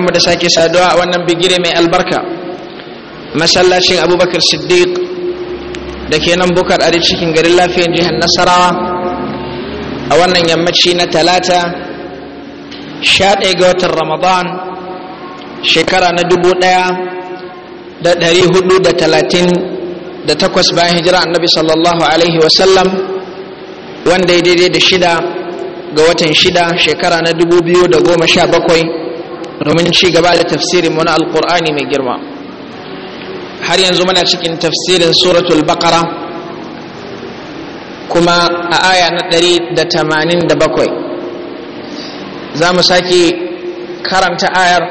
mu da sake saduwa a wannan bigire mai albarka masallacin abubakar siddiq da ke nan bukar a cikin garin lafiyar jihar nasarawa a wannan yammaci na talata sha ga watan ramadan shekara na dubu ɗaya da ɗari hudu da talatin da takwas bayan hijira annabi sallallahu alaihi wasallam wanda ya daidai da shida ga watan shida shekara na dubu biyu da goma sha bakwai domin ci gaba da tafsirin mu na alkur'ani mai girma har yanzu muna cikin tafsirin suratul baqara kuma a aya na 187 za mu sake karanta ayar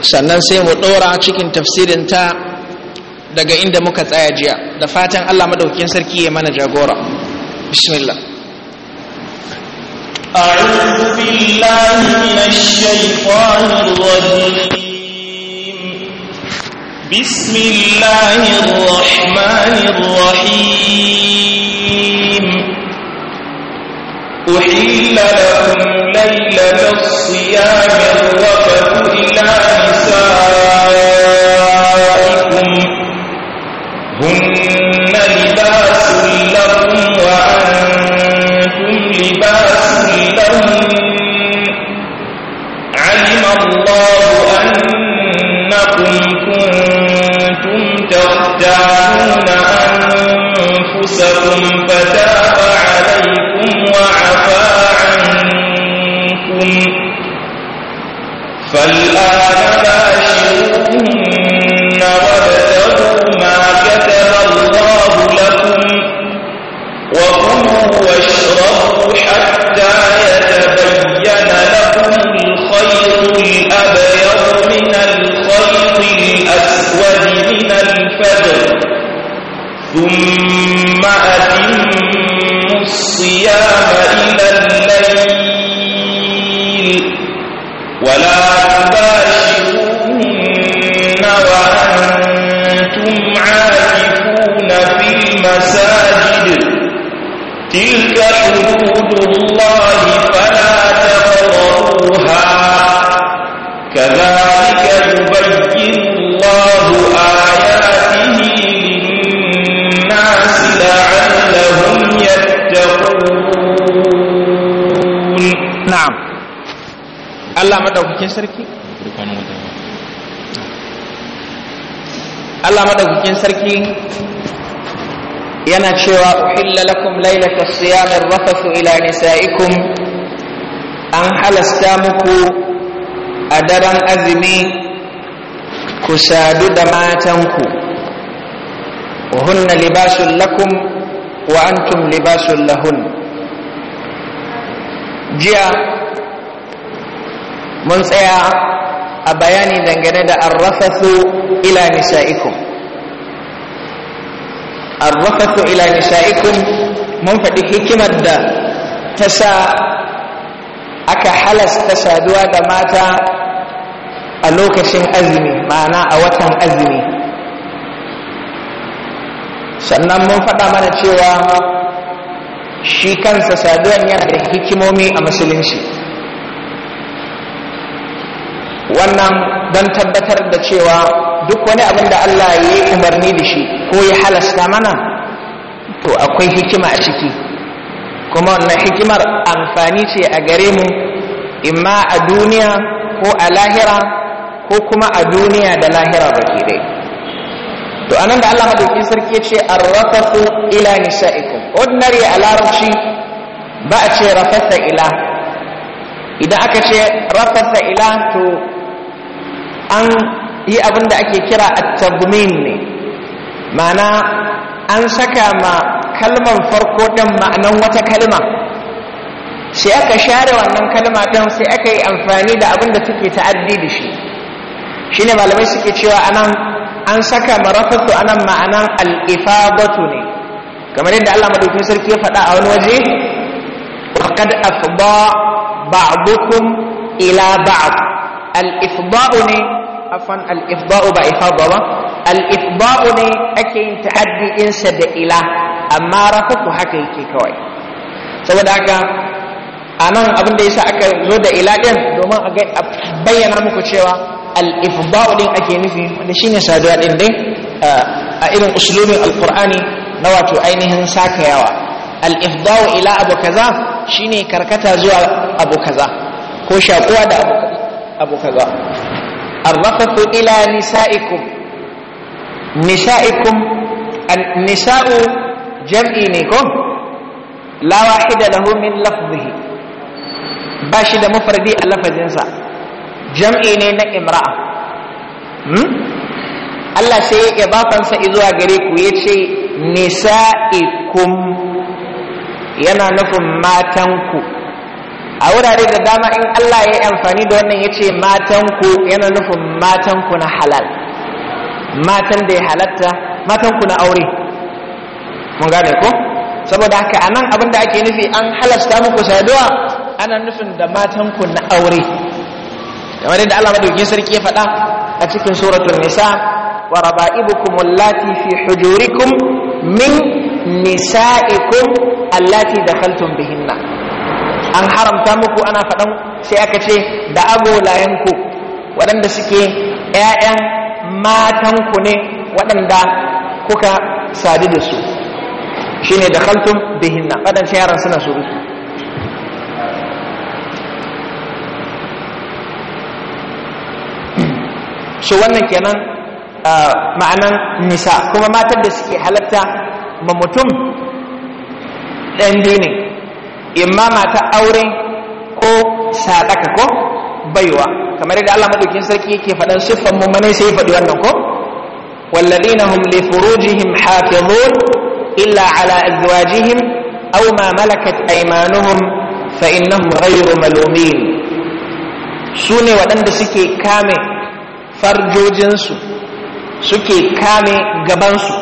sannan sai mu ɗora cikin tafsirin ta daga inda muka tsaya jiya da fatan allah madaukin sarki ya mana jagora bismillah بالله من الشيطان الرجيم بسم الله الرحمن الرحيم أحل لكم ليلة الصيام Allah madaukakin sarki Allah madaukakin sarki yana cewa uhilla lakum lailata siyamir rafathu ila nisaikum an halasta muku a daren azumi ku sadu da matanku hunna libasun lakum wa antum libasun lahun jiya mun tsaya a bayani dangane da arrafasu ila nisa'ikum arrafasu ila nisa'ikum mun faɗi hikimar da ta sa aka halasta saduwa da mata a lokacin azumi ma'ana a watan azumi sannan mun faɗa mana cewa shi kansa saduwan yana da hikimomi a musulunci wannan don tabbatar da cewa duk wani abin da Allah ya yi umarni da shi ko ya halasta mana to akwai hikima a ciki kuma wannan hikimar amfani ce a gare mu imma a duniya ko a lahira ko kuma a duniya da lahira baki dai to anan da Allah madauki sarki ce arrafatu ila nisaikum ordinary a larabci ba a ce rafasa ila idan aka ce rafasa ila to an yi abin da ake kira a tadmin ne Mana an saka ma kalman farko ɗin ma'anan wata kalma sai aka share wannan kalma ɗin sai aka yi amfani da abin da suke ta'addi da shi Shi ne malamai suke cewa anan an saka ma rafasa anan ma'anan alifabatu ne kamar yadda Allah madaukakin sarki ya faɗa a wani waje وقد أفضى بعضكم إلى بعض الإفضاء ني أفن الإفضاء بإفضاء الإفضاء ني أكي تأدي إنسد إلى أما رفق حكي كوي سوى داكا أنا أبن ديسا أكا زود إلى دين دوما أكي أبين رمكو تشيوا الإفضاء ني أكي نفي ونشيني سادوا دين دين آه، أئلن أسلوب القرآن نواتو أينهن ساكيوا الإفضاء إلى أبو كذا شيني كركتا زوا abu kaza ko shakuwa da abu kaza arrafatu ila nisaikum nisaikum nisa'u jam'i ne ko la wahida lahu min lafzihi ba shi da mufradi a sa jam'i ne na imra'a hmm? Allah sai ya bafansa izuwa gare ku ya ce nisa'ikum yana nufin matanku a wurare da dama in Allah ya yi amfani da wannan ya ce matanku yana nufin matanku na halal matan da ya halatta matanku na aure mun gane ko saboda haka a abin da ake nufi an halasta muku saduwa ana nufin da matanku na aure kamar yadda Allah madauki sarki ya faɗa a cikin suratul nisa wa raba'ibukum allati fi hujurikum min nisa'ikum allati dakhaltum bihinna an haramta muku ana faɗan sai aka ce da agolayenku waɗanda suke ‘ya'yan matanku ne waɗanda kuka sadu da su shi ne da kaltun na waɗancan yaran suna surutu shi wannan kenan ma'anan nisa kuma matan da suke halatta ma mutum ɗan ne imma mata aure ko sadaka ko baiwa kamar yadda Allah madaukin sarki yake faɗan siffan mummanai sai faɗi wannan ko walladina hum li furujihim hafizun illa ala azwajihim aw ma malakat aymanuhum fa innahum ghayru malumin sune waɗanda suke kame farjojinsu suke kame gabansu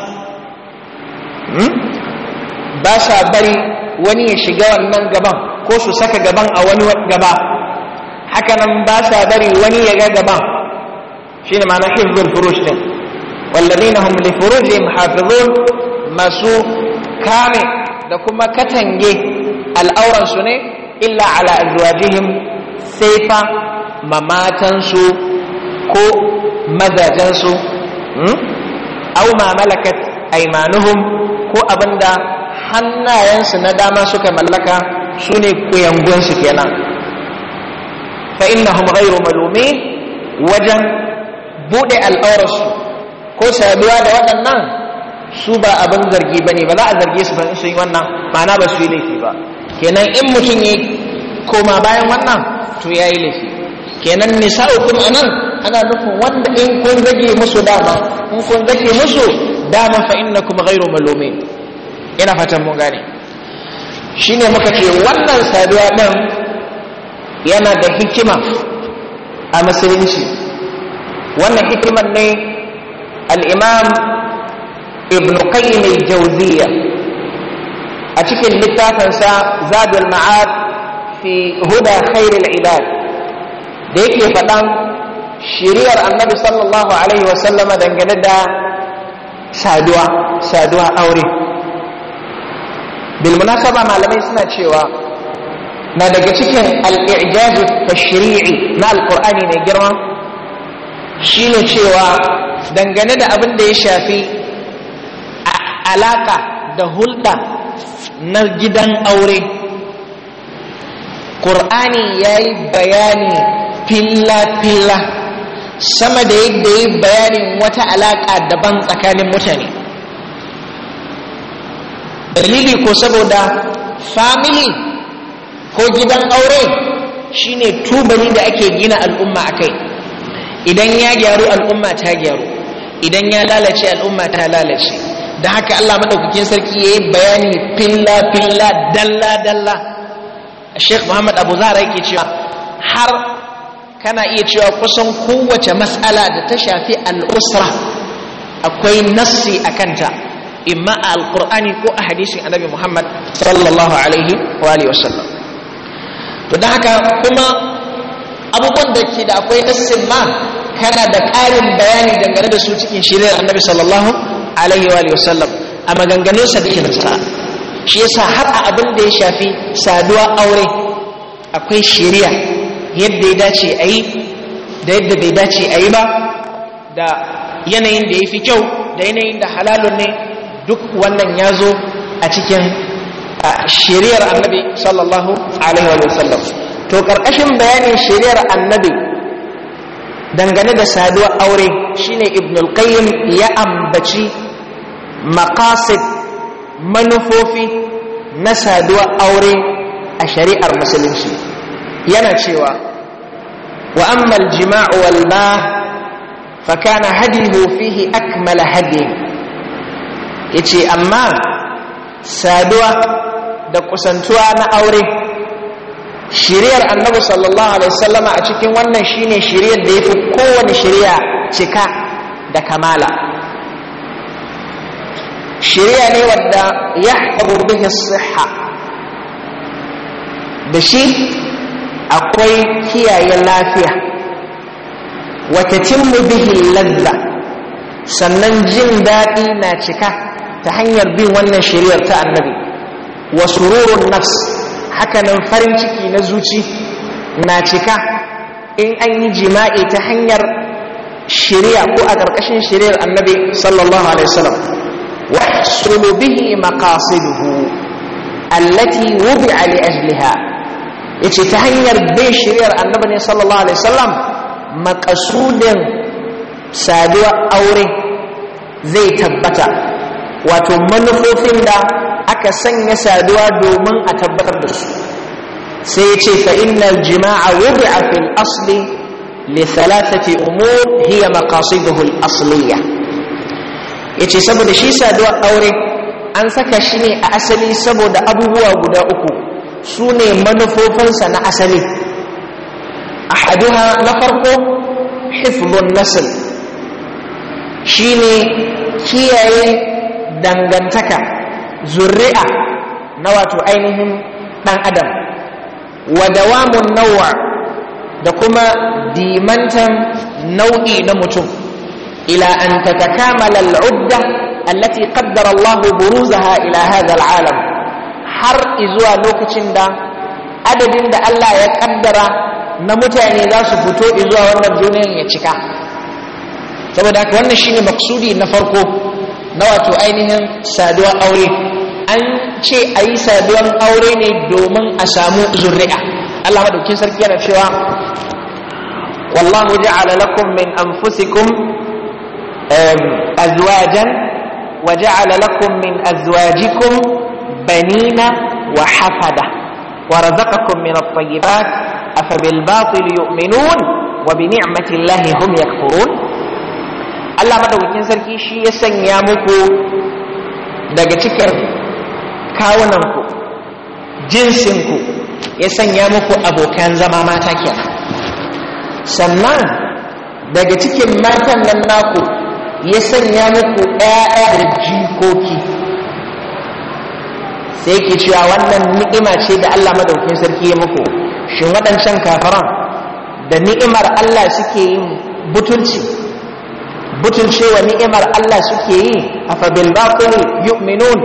hmm? ba sa bari wani ya shiga wannan gaban ko su saka gaban a wani gaba hakanan ba sa bari wani ya ga gaban shi ne ma'ana hizbul furush din wallazina hum li furujihim hafizun masu kame da kuma katange al'auransu ne illa ala azwajihim sai fa mamatansu ko mazajensu hmm? au ma malakat aimanuhum ko abinda hannayensu na dama suka mallaka su ne kuyangunsu kenan fa innahum ghairu malumi wajen buɗe al'aurarsu ko saduwa da waɗannan su ba abin zargi ba ne ba za a zarge su ba su yi wannan mana ba su yi laifi ba kenan in mutum yi koma bayan wannan to ya yi laifi kenan nisa'ukum anan ana nufin wanda in kun zage musu dama in kun zage musu dama fa innakum gairu malumi. ina fatan mun gane shi ne muka ce wannan saduwa ɗin yana da hikima a musulunci wannan hikimar ne al'imam ibn qayyim al-jawziya a cikin littafinsa zadul ma'ad fi huda khairul ibad da yake faɗan shiriyar annabi sallallahu alaihi wasallama dangane da saduwa saduwa aure bilmunasaba malamai suna cewa na daga cikin al'ijazu tashri'i na Alƙur'ani mai girma shine cewa dangane da abin da ya shafi alaka da hulɗa na gidan aure ƙur'ani ya yi bayani filla-filla sama da yadda ya yi bayanin wata alaka daban tsakanin mutane dalili ko saboda family ko gidan aure shine tubali da ake gina al'umma akai idan ya gyaru al'umma ta gyaru idan ya lalace al'umma ta lalace da haka Allah madaukakin sarki yayi bayani filla filla dalla dalla Sheikh Muhammad Abu Zahra yake cewa har kana iya cewa kusan kowace mas'ala da ta shafi al'usra akwai nassi akanta imma a alkur'ani ko a hadisin annabi muhammad sallallahu alaihi wa alihi wasallam to haka kuma abubuwan da ke da akwai nassin ma kana da ƙarin bayani dangane da su cikin shirin annabi sallallahu alaihi wa alihi a maganganunsa da ke nasara shi yasa har a abin da ya shafi saduwa aure akwai shari'a yadda ya dace a yi da yadda bai dace a yi ba da yanayin da ya fi kyau da yanayin da halalun ne duk wannan ya zo a cikin shiriyar annabi sallallahu alaihi wa sallam to karkashin bayanin shiriyar annabi dangane da saduwar aure shine ibn al-qayyim ya ambaci maqasid manufofi na saduwar aure a shari'ar musulunci yana cewa wa amma al-jima'u wal ma fa kana hadihu fihi akmala hadihi ya ce amma saduwa da kusantuwa na aure shiriyar annabi sallallahu alaihi a cikin wannan shine shiriyar da ya fi kowane shiriya cika da kamala shiriya ne wadda ya haɗu bihi siha da shi akwai kiyaye lafiya wata cin bihi ladda sannan jin daɗi na cika ta hanyar bin wannan shari'ar ta annabi wa sururun nafs hakanan farin ciki na zuci na cika in an yi jima'i ta hanyar shari'a ko a ƙarƙashin shari'ar annabi sallallahu alaihi wasallam wa ihsulu bihi maqasiduhu allati wubi'a li ajliha yace ta hanyar bin shari'ar annabi ne sallallahu alaihi wasallam maqasudin saduwa aure zai tabbata wato manufofin da aka sanya saduwa domin a tabbatar da su sai ya ce fa innal jima'a wudi'a fil asli li thalathati umur hiya maqasiduhu al asliya yace saboda shi saduwa aure an saka shi ne a asali saboda abubuwa guda uku su ne manufofinsa na asali ahaduha na farko hifdhun nasl shine kiyaye dangantaka zuri'a na wato ainihin ɗan adam wa dawamun nawa da kuma dimantan nau'i na mutum ila an tatakamala al'udda allati qaddara Allah buruzaha ila hadha al'alam har izuwa lokacin da adadin da Allah ya kaddara na mutane za su fito izuwa wannan duniyar ya cika saboda haka wannan shine maksudi na farko na wato ainihin saduwar aure an ce a yi saduwar aure ne domin a samu zurri'a Allah madaukin sarki yana cewa wallahu ja'ala lakum min anfusikum azwajan wa ja'ala lakum min azwajikum banina wa hafada wa razaqakum min at-tayyibat afabil batil yu'minun wa bi ni'mati llahi hum yakfurun Allah madaukakin sarki shi ya sanya muku daga cikin kawunanku jinsinku ya sanya muku abokan zama mata sannan daga cikin matan nan naku ya sanya muku ɗaya da jikoki sai ke cewa wannan ni'ima ce da Allah madaukakin sarki ya muku shi waɗancan kafaran da ni'imar Allah suke yin butulci butulcewa ni'imar Allah suke yi a fabin bakuli yu'minun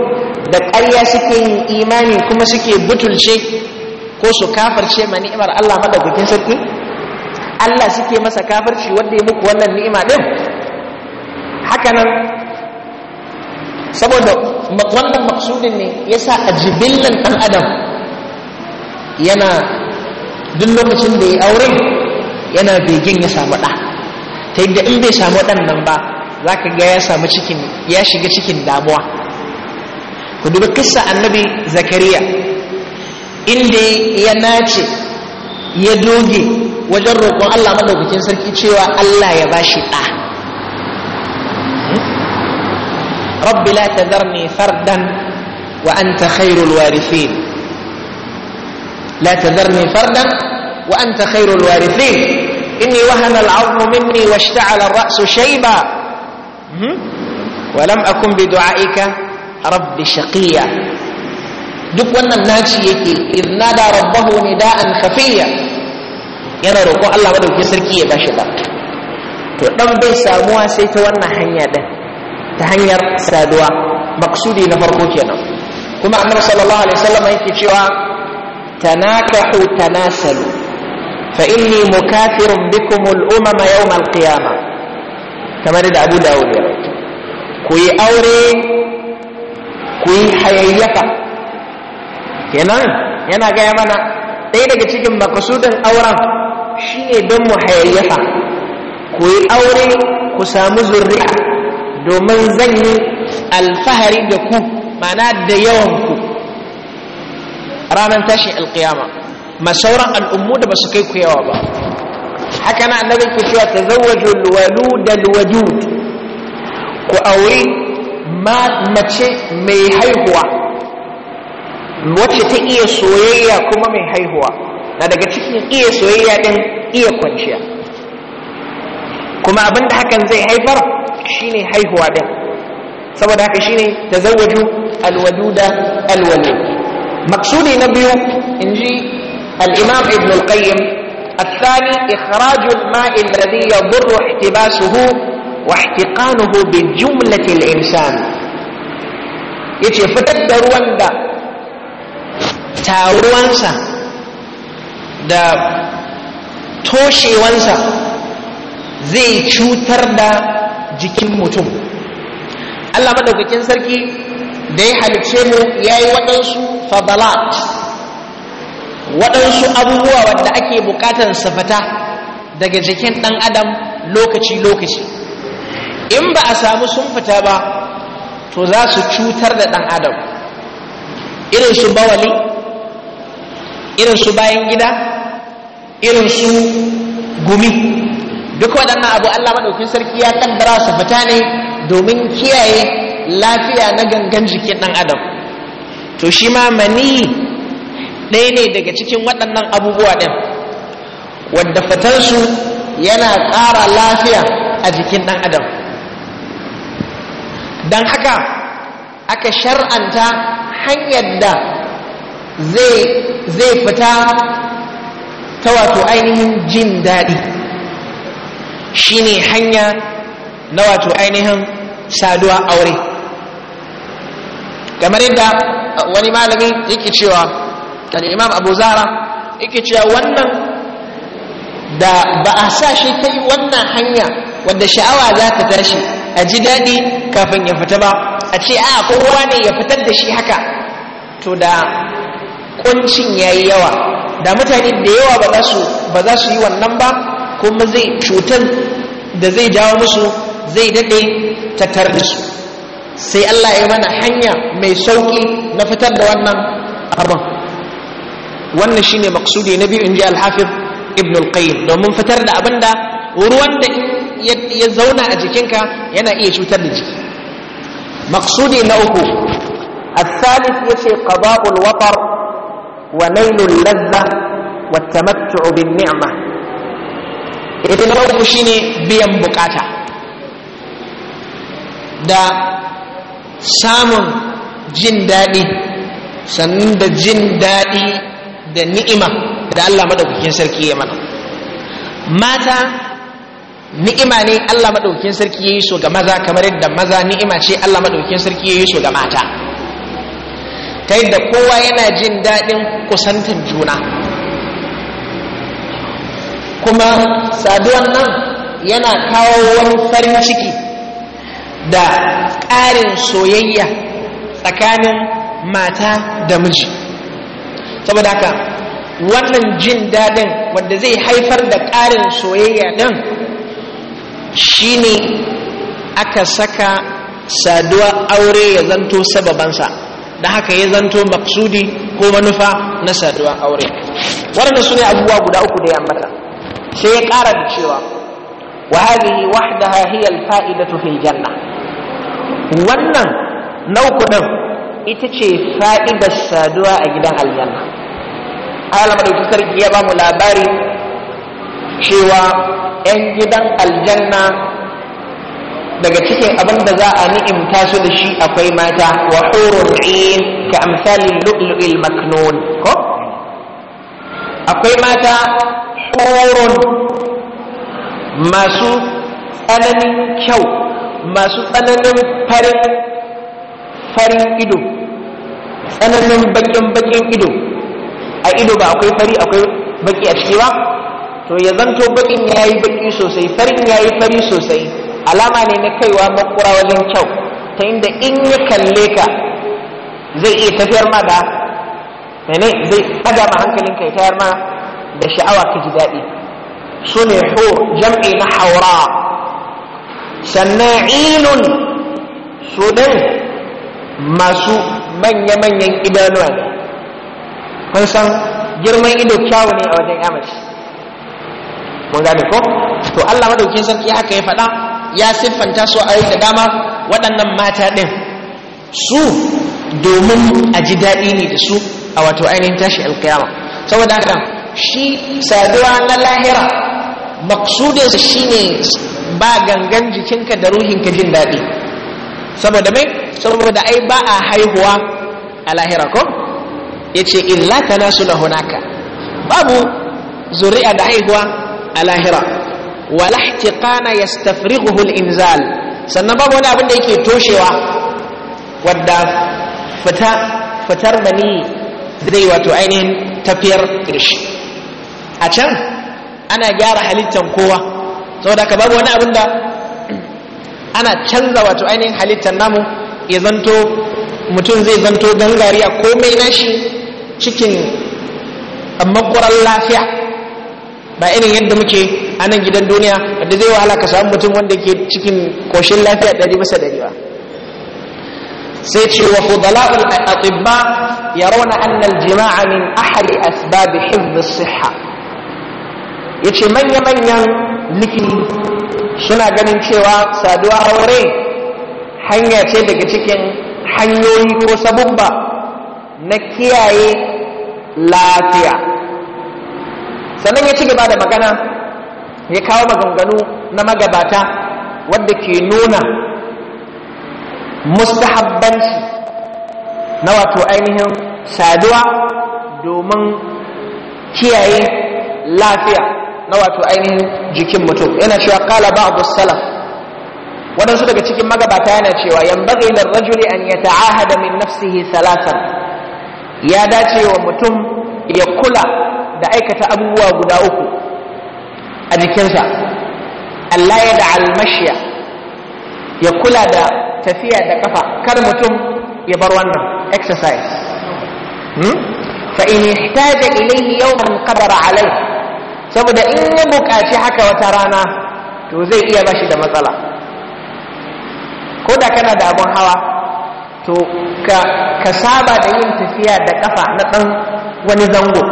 da ƙarya suke yi imani kuma suke butulce ko su kafarce ma ni'imar Allah madaukakin sarki Allah suke masa kafarci wanda ya muku wannan ni'ima ɗin? haka saboda wannan maksudin ne ya sa a jibillan ɗan adam yana duk lokacin da ya aure yana begin ya samu ɗa ta da in bai samu waɗannan ba za ka ga ya samu cikin ya shiga cikin damuwa ku duba kissa annabi zakariya inda ya nace ya doge wajen roƙon allah maɗaukakin sarki cewa allah ya ba shi ɗa rabbi la tazarni fardan wa ta khairul warithin la tazarni fardan wa ta khairul warithin إني وهن العظم مني واشتعل الرأس lam ولم أكن بدعائك rabbi شقيا duk wannan naci yake da rabbahu nida'an khafiya yana roƙon Allah madaukakin sarki ya bashi da to dan bai samuwa sai ta wannan hanya din ta hanyar saduwa maksudi na farko kenan kuma annabi sallallahu alaihi wasallam yake cewa tanakahu tanasalu fa inni mukafirun bikum al'umama yawm al-qiyama kamar da Abu Dawud ya rawaito ku yi aure ku yi hayayyafa kenan yana gaya mana ɗaya daga cikin makasudin auren shi ne don mu hayayyafa ku yi aure ku samu zurriya domin zan yi alfahari da ku mana da yawan ku ranar tashin alkiyama ma sauran al'ummu da ba su kai ku yawa ba haka na annabi ku cewa ta zawajo da alwadud ku aure mace mai haihuwa wacce ta iya soyayya kuma mai haihuwa na daga cikin iya soyayya din iya kwanciya kuma abinda hakan zai haifar shine haihuwa din saboda haka shine tazawwaju alwaduda alwalid maksudi na biyu inji الإمام ابن القيم الثاني إخراج الماء الذي يضر احتباسه واحتقانه بجملة الإنسان يتي فتدر واندا تاور وانسا دا توشي وانسا زي چوتر دا جكم متم الله مدوك تنسر كي دي حالي تشيمو ياي ودنسو فضلات فضلات waɗansu abubuwa wanda ake buƙatar safata daga jikin ɗan adam lokaci-lokaci in ba a samu sun fita ba to za su cutar da ɗan adam irin su bawali irin su bayan gida irin su gumi duk waɗannan abu allah maɗauki sarki ya ƙaddara su fita ne domin kiyaye lafiya na gangan jikin ɗan adam to shi ma mani ɗaya ne daga cikin waɗannan abubuwa ɗin wadda fatansu yana ƙara lafiya a jikin ɗan adam don haka aka shar'anta hanyar da zai fita ta wato ainihin jin daɗi Shi ne hanya na wato ainihin saduwa aure kamar yadda wani malami yake cewa al'imam abu zara yake cewa wannan da ba a sa shi ta yi wannan hanya wanda sha'awa za ta tashi a ji daɗi kafin ya fita ba a ce a kowa ne ya fitar da shi haka to da kuncin ya yi yawa da mutane da yawa ba za su yi wannan ba kuma zai cutar da zai jawo musu zai daɗe tattar da su sai allah ya mana hanya mai sauƙi na fitar da wannan abin wannan shi ne maksudi na biyu inji ji alhafif ibn alƙayin domin fitar da abinda ruwan da ya zauna a jikinka yana iya cutar da jiki maksudi na uku al-salif ya ce ƙaba'ul watar wa nailul lalla wa tamattu bin ni'ma ita na uku shi ne biyan buƙata. da samun jin daɗi sannan da jin daɗi da ni'ima da Allah madaukakin sarki ya mana mata ni'ima ne Allah madaukakin sarki ya so ga maza kamar yadda maza ni'ima ce Allah madaukakin sarki ya so ga mata ta yadda kowa yana jin daɗin kusantar juna kuma saduwan nan yana kawo wani farin ciki da ƙarin soyayya tsakanin mata da miji saboda haka wannan jin daɗin wanda zai haifar da ƙarin soyayya ɗin shine aka saka saduwa aure ya zanto sababansa da haka ya zanto maksudi ko manufa na saduwa aure waɗanda su ne abubuwa guda uku da yammata sai ya ƙara da cewa wa hadhihi wahdaha hiya al janna wannan nauku din ita ce fa'idar saduwa a gidan aljanna Allah madauki sarki ya ba mu labari cewa 'yan gidan aljanna daga cikin abin da za a ni'imta su da shi akwai mata wa hurun ka amsalin lu'lu'il maknun ko akwai mata hurun masu tsananin kyau masu tsananin farin farin ido tsananin bakin bakin ido a ido ba akwai fari akwai baki a ciki ba to ya zanto bakin ya yi baki sosai farin ya yi fari sosai alama ne na kaiwa makura wajen kyau ta inda in ya kalle ka zai iya tafiyar ma da mene zai ɗaga ma hankalin ka ya tayar ma da sha'awa ka ji daɗi su ne ho jam'i na haura sannan ilun su masu manya-manyan idanuwa kun san girman ido kyawu ne a wajen yamashi mun gane ko to Allah madaukin sarki haka ya faɗa ya siffanta su a da dama waɗannan mata ɗin su domin a ji daɗi ne da su a wato ainihin tashi alkiyama saboda haka shi saduwa na lahira sa shine ba gangan jikinka da ruhinka jin daɗi saboda mai saboda ai ba a haihuwa a lahira ko ya ce illa nasu na hunaka babu zuri'a da haihuwa a lahira wala htiqana yastafrighuhu al-inzal sannan babu wani abin da yake toshewa wadda fita fitar bani zai wato ainihin tafiyar kirshi a can ana gyara halittan kowa saboda ka babu wani abin da ana canza wato ainihin halittar namu ya zanto mutum zai zanto gangari a komai nashi cikin makwarar lafiya ba irin yadda muke a nan gidan duniya da zai wahala ka samu mutum wanda ke cikin koshin lafiya ɗari masa ɗari ba sai ce wa fudala'ul atibba ya anna annal jimaa min ahli asbab hifz siha ya ce manya manyan likiti suna ganin cewa saduwa aure hanya ce daga cikin hanyoyi ko sabubba na kiyaye lafiya sannan ya ci gaba da magana ya kawo maganganu na magabata wadda ke nuna mustahabbanci na wato ainihin saduwa domin kiyaye lafiya na wato ainihin jikin mutum yana cewa kala ba'd salaf waɗansu daga cikin magabata yana cewa yan bagai da rajuli an ya ta'ahada min nafsihi salasan ya dace wa mutum ya kula da aikata abubuwa guda uku a jikinsa Allah ya da almashiya ya kula da tafiya da kafa kar mutum ya bar wannan exercise hmm? fa in yau ilayhi yawman qadara alayhi saboda in ya buƙaci haka wata rana to zai iya bashi da matsala ko da kana da abin hawa to ka saba da yin tafiya da kafa na ɗan wani zango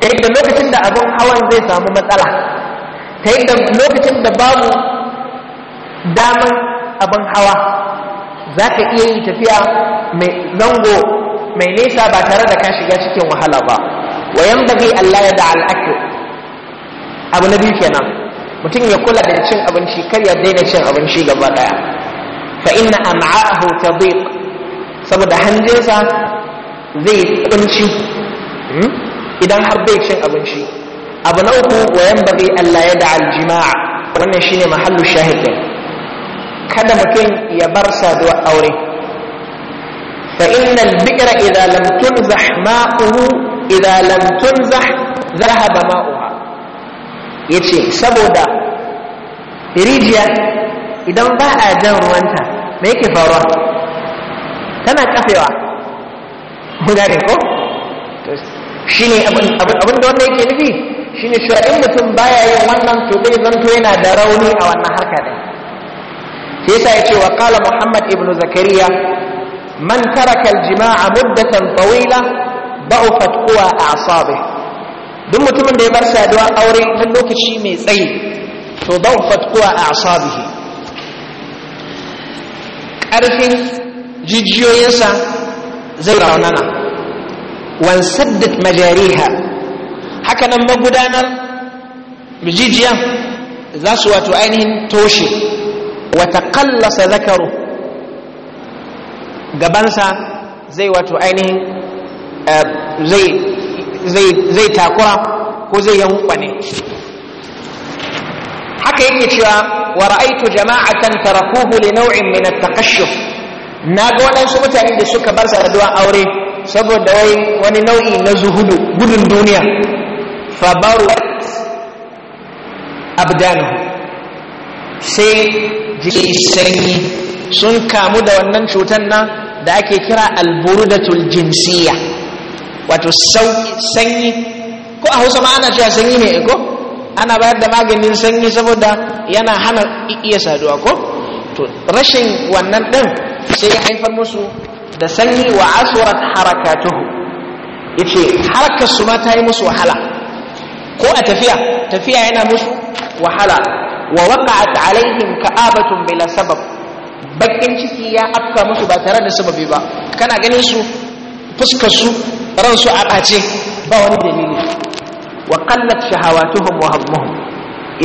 ta yadda lokacin da abun hawan zai samu matsala ta yadda lokacin da babu daman abun hawa za ka iya yin tafiya mai zango mai nesa ba tare da ka shiga cikin wahala ba wa yan bagi Allah ya da al'akil abu na biyu kenan mutum ya kula da cin abinci kar ya daina cin abinci gaba daya fa inna am'a'ahu tadiq saboda hanjinsa zai kunci hmm? idan har bai cin abinci abu na uku wa yanbaghi Allah ya da'al jima'a wannan shine mahallu shahidin kada mutum ya bar saduwa aure fa inna al-bikra lam tunzah ma'uhu idza lam tunzah dhahaba ma'uha yace saboda rijiya idan ba a jan ruwanta me yake faruwa tana kafewa muna ko shi ne abin wanda yake nufi shi ne in mutum baya yin wannan tobe zanto yana da rauni a wannan harka da sai ya ce wa kala muhammad ibnu zakariya man taraka aljima'a muddatan tawila ba'ufat quwa a'sabi duk mutumin da ya bar saduwa aure ta lokaci mai tsayi to ba'ufat quwa a'sabihi ƙarfin jijiyoyinsa zai raunana da majariha hakanan magudanar jijiyan za su wato ainihin toshe wata kallasa zakaru gabansa zai wato ainihin eh, zai takura ko zai yankwa haka yake cewa wa ra'aytu jama'atan tarakuhu li naw'in min at-taqashshuf naga waɗansu mutane da suka bar sa da aure saboda wai wani nau'i na zuhudu gudun duniya fa baru abdanu sai ji sanyi sun kamu da wannan cutar nan da ake kira al alburudatul jinsiyya wato sanyi ko a hausa ma ana cewa sanyi ne ko ana bayar da maganin sanyi saboda yana hana iya saduwa ko to rashin wannan din sai ya haifar musu da sanyi wa asurat harakatuhu yace harkar su ma ta yi musu wahala ko a tafiya tafiya yana musu wahala wa waqa'at alaihim ka'abatun bila sabab bakin ciki ya afka musu ba tare da sababi ba kana ganin su fuskar su ran su a ɓace ba wani dalili wa qallat shahawatuhum wa hammuhum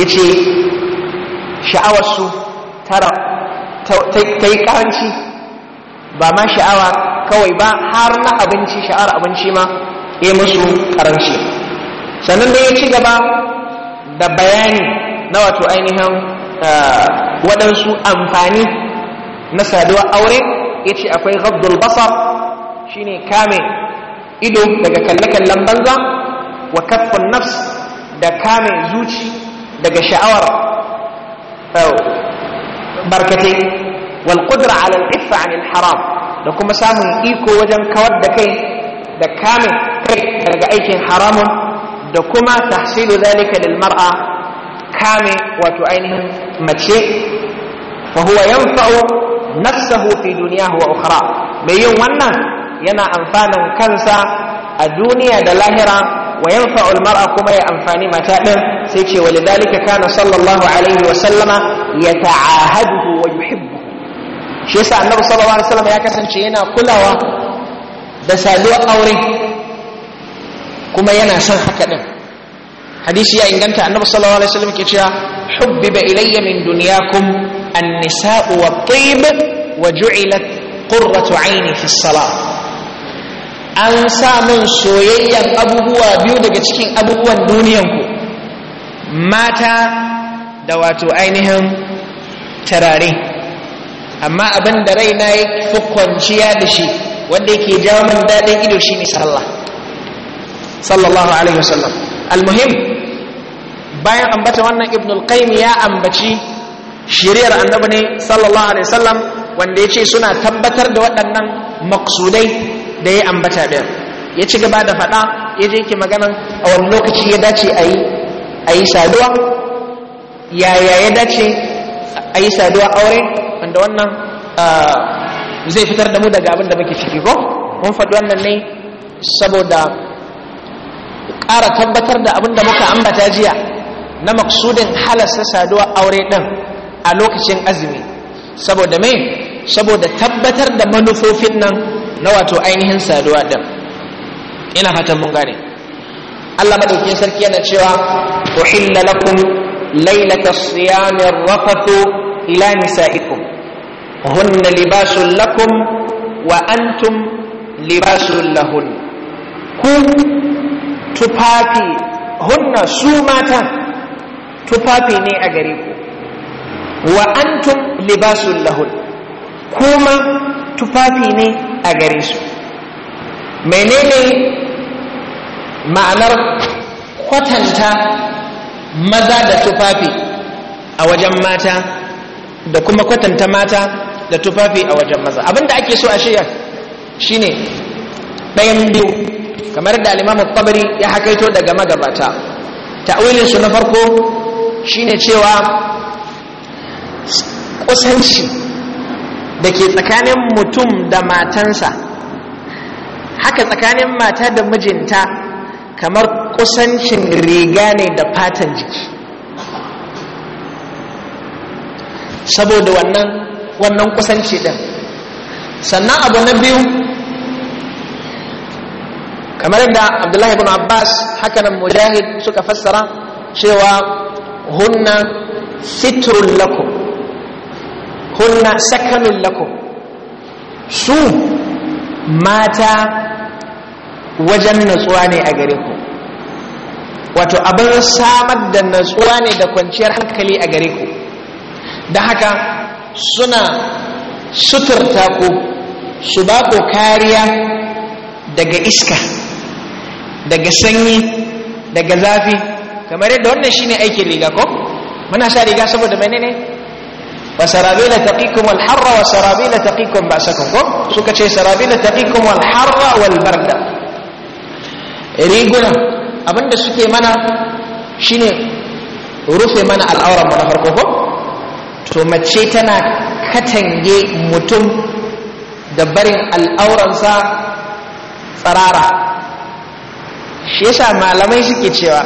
yace sha'awar su tara ta yi karanci ba ma sha'awa kawai ba har na abinci sha'ar abinci ma ya musu karanci sannan da ya ci gaba da bayani na wato ainihin eh, waɗansu amfani na saduwar aure ya ce akwai gabdul basar shine kame ido daga kalle-kallen banza wa kaffin nafs da kame zuci daga sha'awar eh, barkatai wal qudra ala haram da kuma samun iko wajen kawar da kai da kame kai daga aikin haramun da kuma tahsilu zalika lil mar'a kame wato ainihin mace fa huwa yanfa'u nafsahu fi dunyahu wa ukhra mai yin wannan yana amfanin kansa a duniya da lahira wa yanfa'u almar'a kuma ya amfani mata din sai ce walidhalika kana sallallahu alaihi wa sallama yata'ahaduhu wa yuhibbu shi yasa annabi sallallahu alaihi wasallam ya kasance yana kulawa da saduwar aure kuma yana son haka din hadisi ya inganta annabi sallallahu alaihi wasallam ke cewa hubbiba ilayya min dunyakum an-nisa'u wat-tayyib wa ju'ilat qurratu 'aini fi as-salah an sa min soyayyan abubuwa biyu daga cikin abubuwan duniyanku mata da wato ainihin tarare amma abin da raina ya fi kwanciya da shi wanda yake jawo min daɗin ido shi ne sallah sallallahu alaihi wasallam almuhim bayan ambata wannan ibnul qayyim ya ambaci shiriyar annabi ne sallallahu alaihi wasallam wanda ya ce suna tabbatar da waɗannan maksudai da ya ambata ɗin ya ci gaba da faɗa ya je ke magana a wani lokaci ya dace a yi saduwa yaya ya dace a yi saduwa aure wanda wannan zai fitar da mu daga abin da muke ciki ko mun faɗi wannan ne saboda ƙara tabbatar da abin da muka ambata jiya na maksudin halasta saduwa aure ɗin a lokacin azumi saboda mai saboda tabbatar da manufofin nan na wato ainihin saduwa din ina fatan mun gane Allah madaukakin sarki yana cewa ku uhilla lakum laylata siyami rafathu ila nisaikum hunna libasun lakum wa antum libasun lahun ku tufafi hunna su matan tufafi ne a gare ku wa antum libasun lahun kuma tufafi ne a gare su menene ma'anar kwatanta maza da tufafi a wajen mata da kuma kwatanta mata da tufafi a wajen maza abinda ake so a shiya shine ɗayan biyu kamar da alimamu kwabari ya hakaito daga magabata su na farko shine cewa kusanci da ke tsakanin mutum da matansa haka tsakanin mata da mijinta kamar kusancin riga ne da fatan jiki saboda wannan wannan kusanci din sannan abu na biyu kamar yadda abdullahi ibn abbas hakanan mujahid suka fassara cewa hunna fitrun lakum hunna sakamin lakum su mata wajen natsuwa ne a gare ku wato abin samar da natsuwa ne da kwanciyar hankali a gare ku da haka suna suturta ku su ba ku kariya daga iska daga sanyi daga zafi kamar yadda wannan shine aikin riga ko muna sa riga saboda menene wa sarabila taqikum al harra wa sarabila taqikum ba'sakum ko suka ce sarabila taqikum al harra wal barda riguna abinda suke mana shine rufe mana al'auran mu na farko ko to mace tana katange mutum da barin al'auransa tsarara shi yasa malamai suke cewa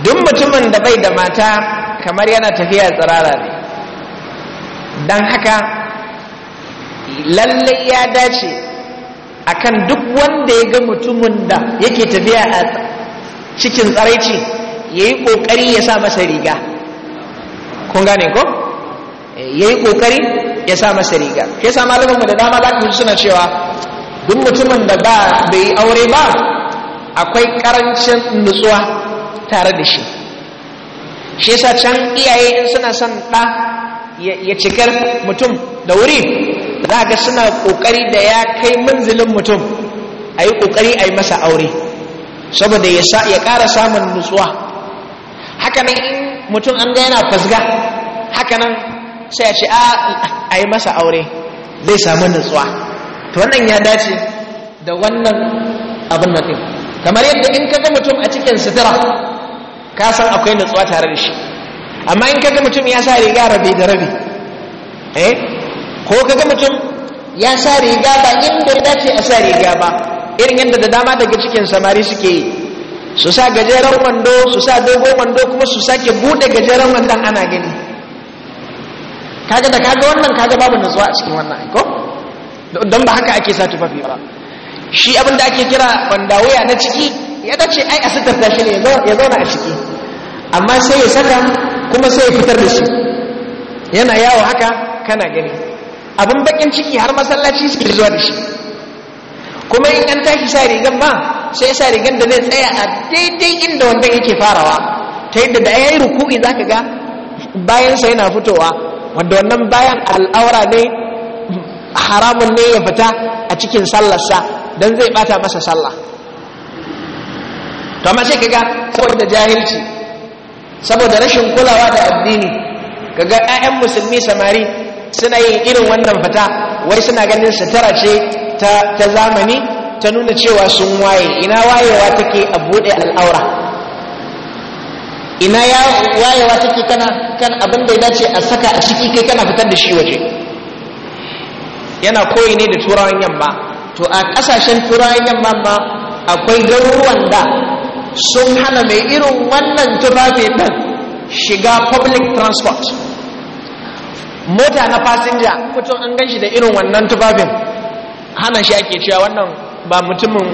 duk mutumin da bai da mata kamar yana tafiya tsirara ne don haka lallai ya dace akan duk wanda ya ga mutumin da yake tafiya a cikin tsaraici ya yi ƙoƙari ya sa masa riga kun gane ko ya yi ƙoƙari ya sa masa riga ya sa malamanmu da dama za ku suna cewa duk mutumin da ba bai aure ba akwai ƙarancin nutsuwa tare da shi shi yasa can iyaye in suna son ɗa ya cikar mutum da wuri za ga suna kokari da ya kai manzilin mutum a yi kokari a yi masa aure saboda ya ƙara samun nutsuwa hakanan in mutum an ga yana fasga hakanan sai a ce a yi masa aure zai samu nutsuwa to wannan ya dace da wannan abin nan ɗin kamar yadda in ka ga mutum a cikin sutura ka san akwai nutsuwa tare da shi amma in kaga mutum ya sa riga rabe da rabe eh ko kaga mutum ya sa riga ba inda ya dace a sa riga ba irin yadda da dama daga cikin samari suke yi su sa gajeren wando su sa dogon wando kuma su sake bude gajeren wandon ana gani kaga da kaga wannan kaga babu nutsuwa a cikin wannan ko don ba haka ake sa tufafi ba shi abin da ake kira wandawaya na ciki ya dace ai a sitar da shi ne ya zauna a ciki amma sai ya saka kuma sai ya fitar da shi yana yawo haka kana gani abin bakin ciki har masallaci suke zuwa da shi kuma in an tashi sa rigan ba sai ya sa rigan da zai tsaya a daidai inda wanda yake farawa ta yadda da ya yi ruku'i za ka ga bayansa yana fitowa wanda wannan bayan al'aura ne haramun ne ya fita a cikin sallarsa don zai bata masa sallah to amma sai kaga saboda jahilci saboda rashin kulawa da addini kaga 'ya'yan musulmi samari suna yin irin wannan fita wai suna ganin satara ce ta zamani ta nuna cewa sun waye ina wayewa take a bude al'aura ina ya wayewa take kana kan abin da ya dace a saka a ciki kai kana fitar da shi waje yana koyi ne da turawan yamma to a ƙasashen turawan yamma ma akwai garuruwan da sun hana mai irin wannan tufafi ɗin shiga public transport mota na fasinja mutum an gan shi da irin wannan tufafin hana shi ake cewa wannan ba mutumin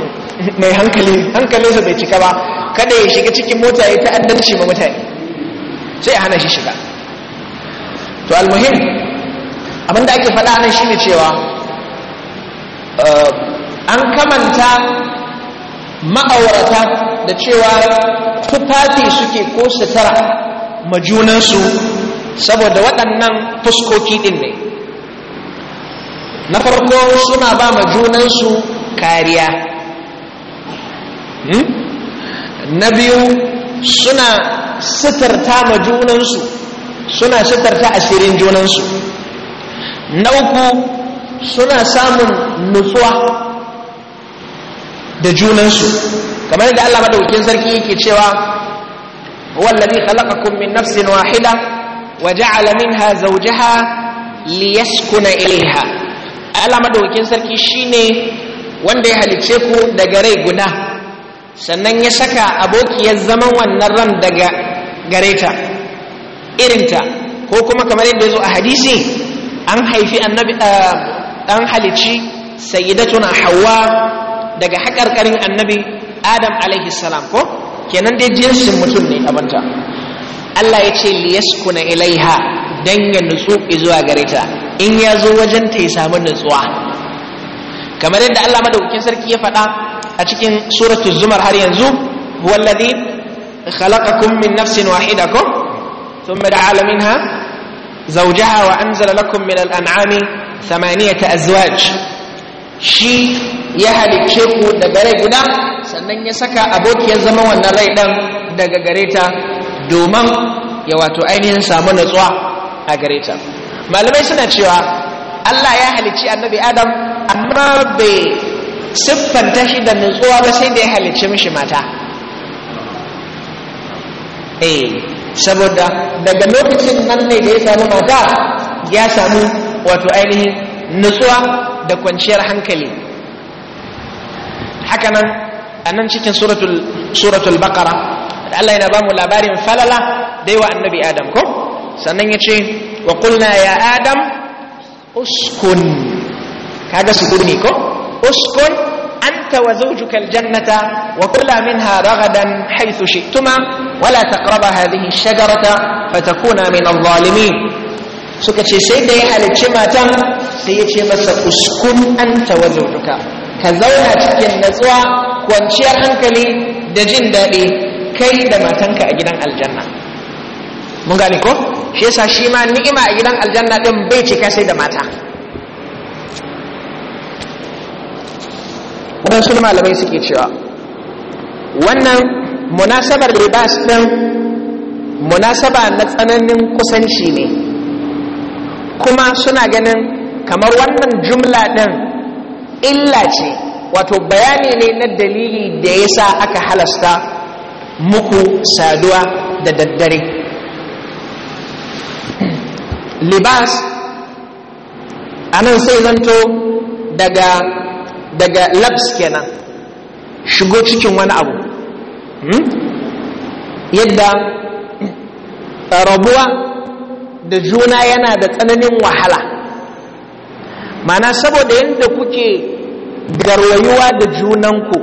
mai hankali hankalinsa bai cika ba kada ya shiga cikin mota ya ta'addanci ma mutane sai hana shi shiga to almuhim abinda ake faɗa nan shi ne cewa eh, an kamanta ma'aurata da cewa tufafi suke ko sutura majunansu saboda waɗannan fuskoki ɗin ne na farko suna ba majunansu kariya hmm? na biyu suna sitarta majunansu suna sitarta asirin junansu na uku suna samun nutsuwa da junansu kamar yadda Allah madaukakin sarki yake cewa wallazi khalaqakum min nafsin wahida wa ja'ala minha zawjaha liyaskuna ilayha Allah madaukakin sarki shine wanda ya halice ku daga rai guda sannan ya saka abokiyar zaman wannan ran daga gareta irinta ko kuma kamar yadda ya a hadisi an haifi annabi dan eh, halici sayyidatuna hawa daga haƙarƙarin annabi adam alaihi salam ko kenan dai jinsin mutum ne banta. Allah ya ce liyaskuna ilaiha dan ya nutsu zuwa gare ta in ya zo wajen ta ya samu nutsuwa kamar yadda Allah madaukakin sarki ya faɗa a cikin suratul zumar har yanzu huwa alladhi khalaqakum min nafsin wahida ko thumma ja'ala minha zawjaha wa anzala lakum min al-an'ami thamaniyata azwaj shi ya halicce ku daga rai guda sannan ya saka abokiyar zama wannan rai ɗan daga gare ta domin ya wato ainihin samu natsuwa a gare ta malamai suna cewa allah ya halicci annabi adam amma bai siffanta shi da natsuwa ba sai da ya halicci mishi mata E saboda daga lokacin nan ne da ya samu mata ya samu wato ainihin nutsuwa. da kwanciyar hankali haka nan a nan cikin suratul bakara da Allah yana ba mu labarin falala da yawa annabi adam ko sannan ya ce wa kulna ya adam uskun kaga su gurni ko uskun anta wa zawjuka aljannata wa kula minha ragadan haythu shi'tuma wala taqraba hadhihi ash-shajarata fatakuna min adh-dhalimin suka ce sai da ya halicci matan sai ya ce masa uskun an duka ka zauna cikin natsuwa kwanciyar hankali da jin daɗi kai da matanka a gidan aljanna mun gani ko shi yasa shi ma ni'ima a gidan aljanna ɗin bai cika sai da mata Wannan sun malamai suke cewa wannan munasabar libas ɗin munasaba na tsananin kusanci ne kuma suna ganin kamar wannan jumla ɗin illa ce wato bayani ne na dalili da ya sa aka halasta muku saduwa da daddare libas anan sai zanto daga daga labs kenan shigo cikin wani abu hmm? yadda eh, rabuwa da juna yana da tsananin wahala mana saboda yadda kuke garwayuwa da junanku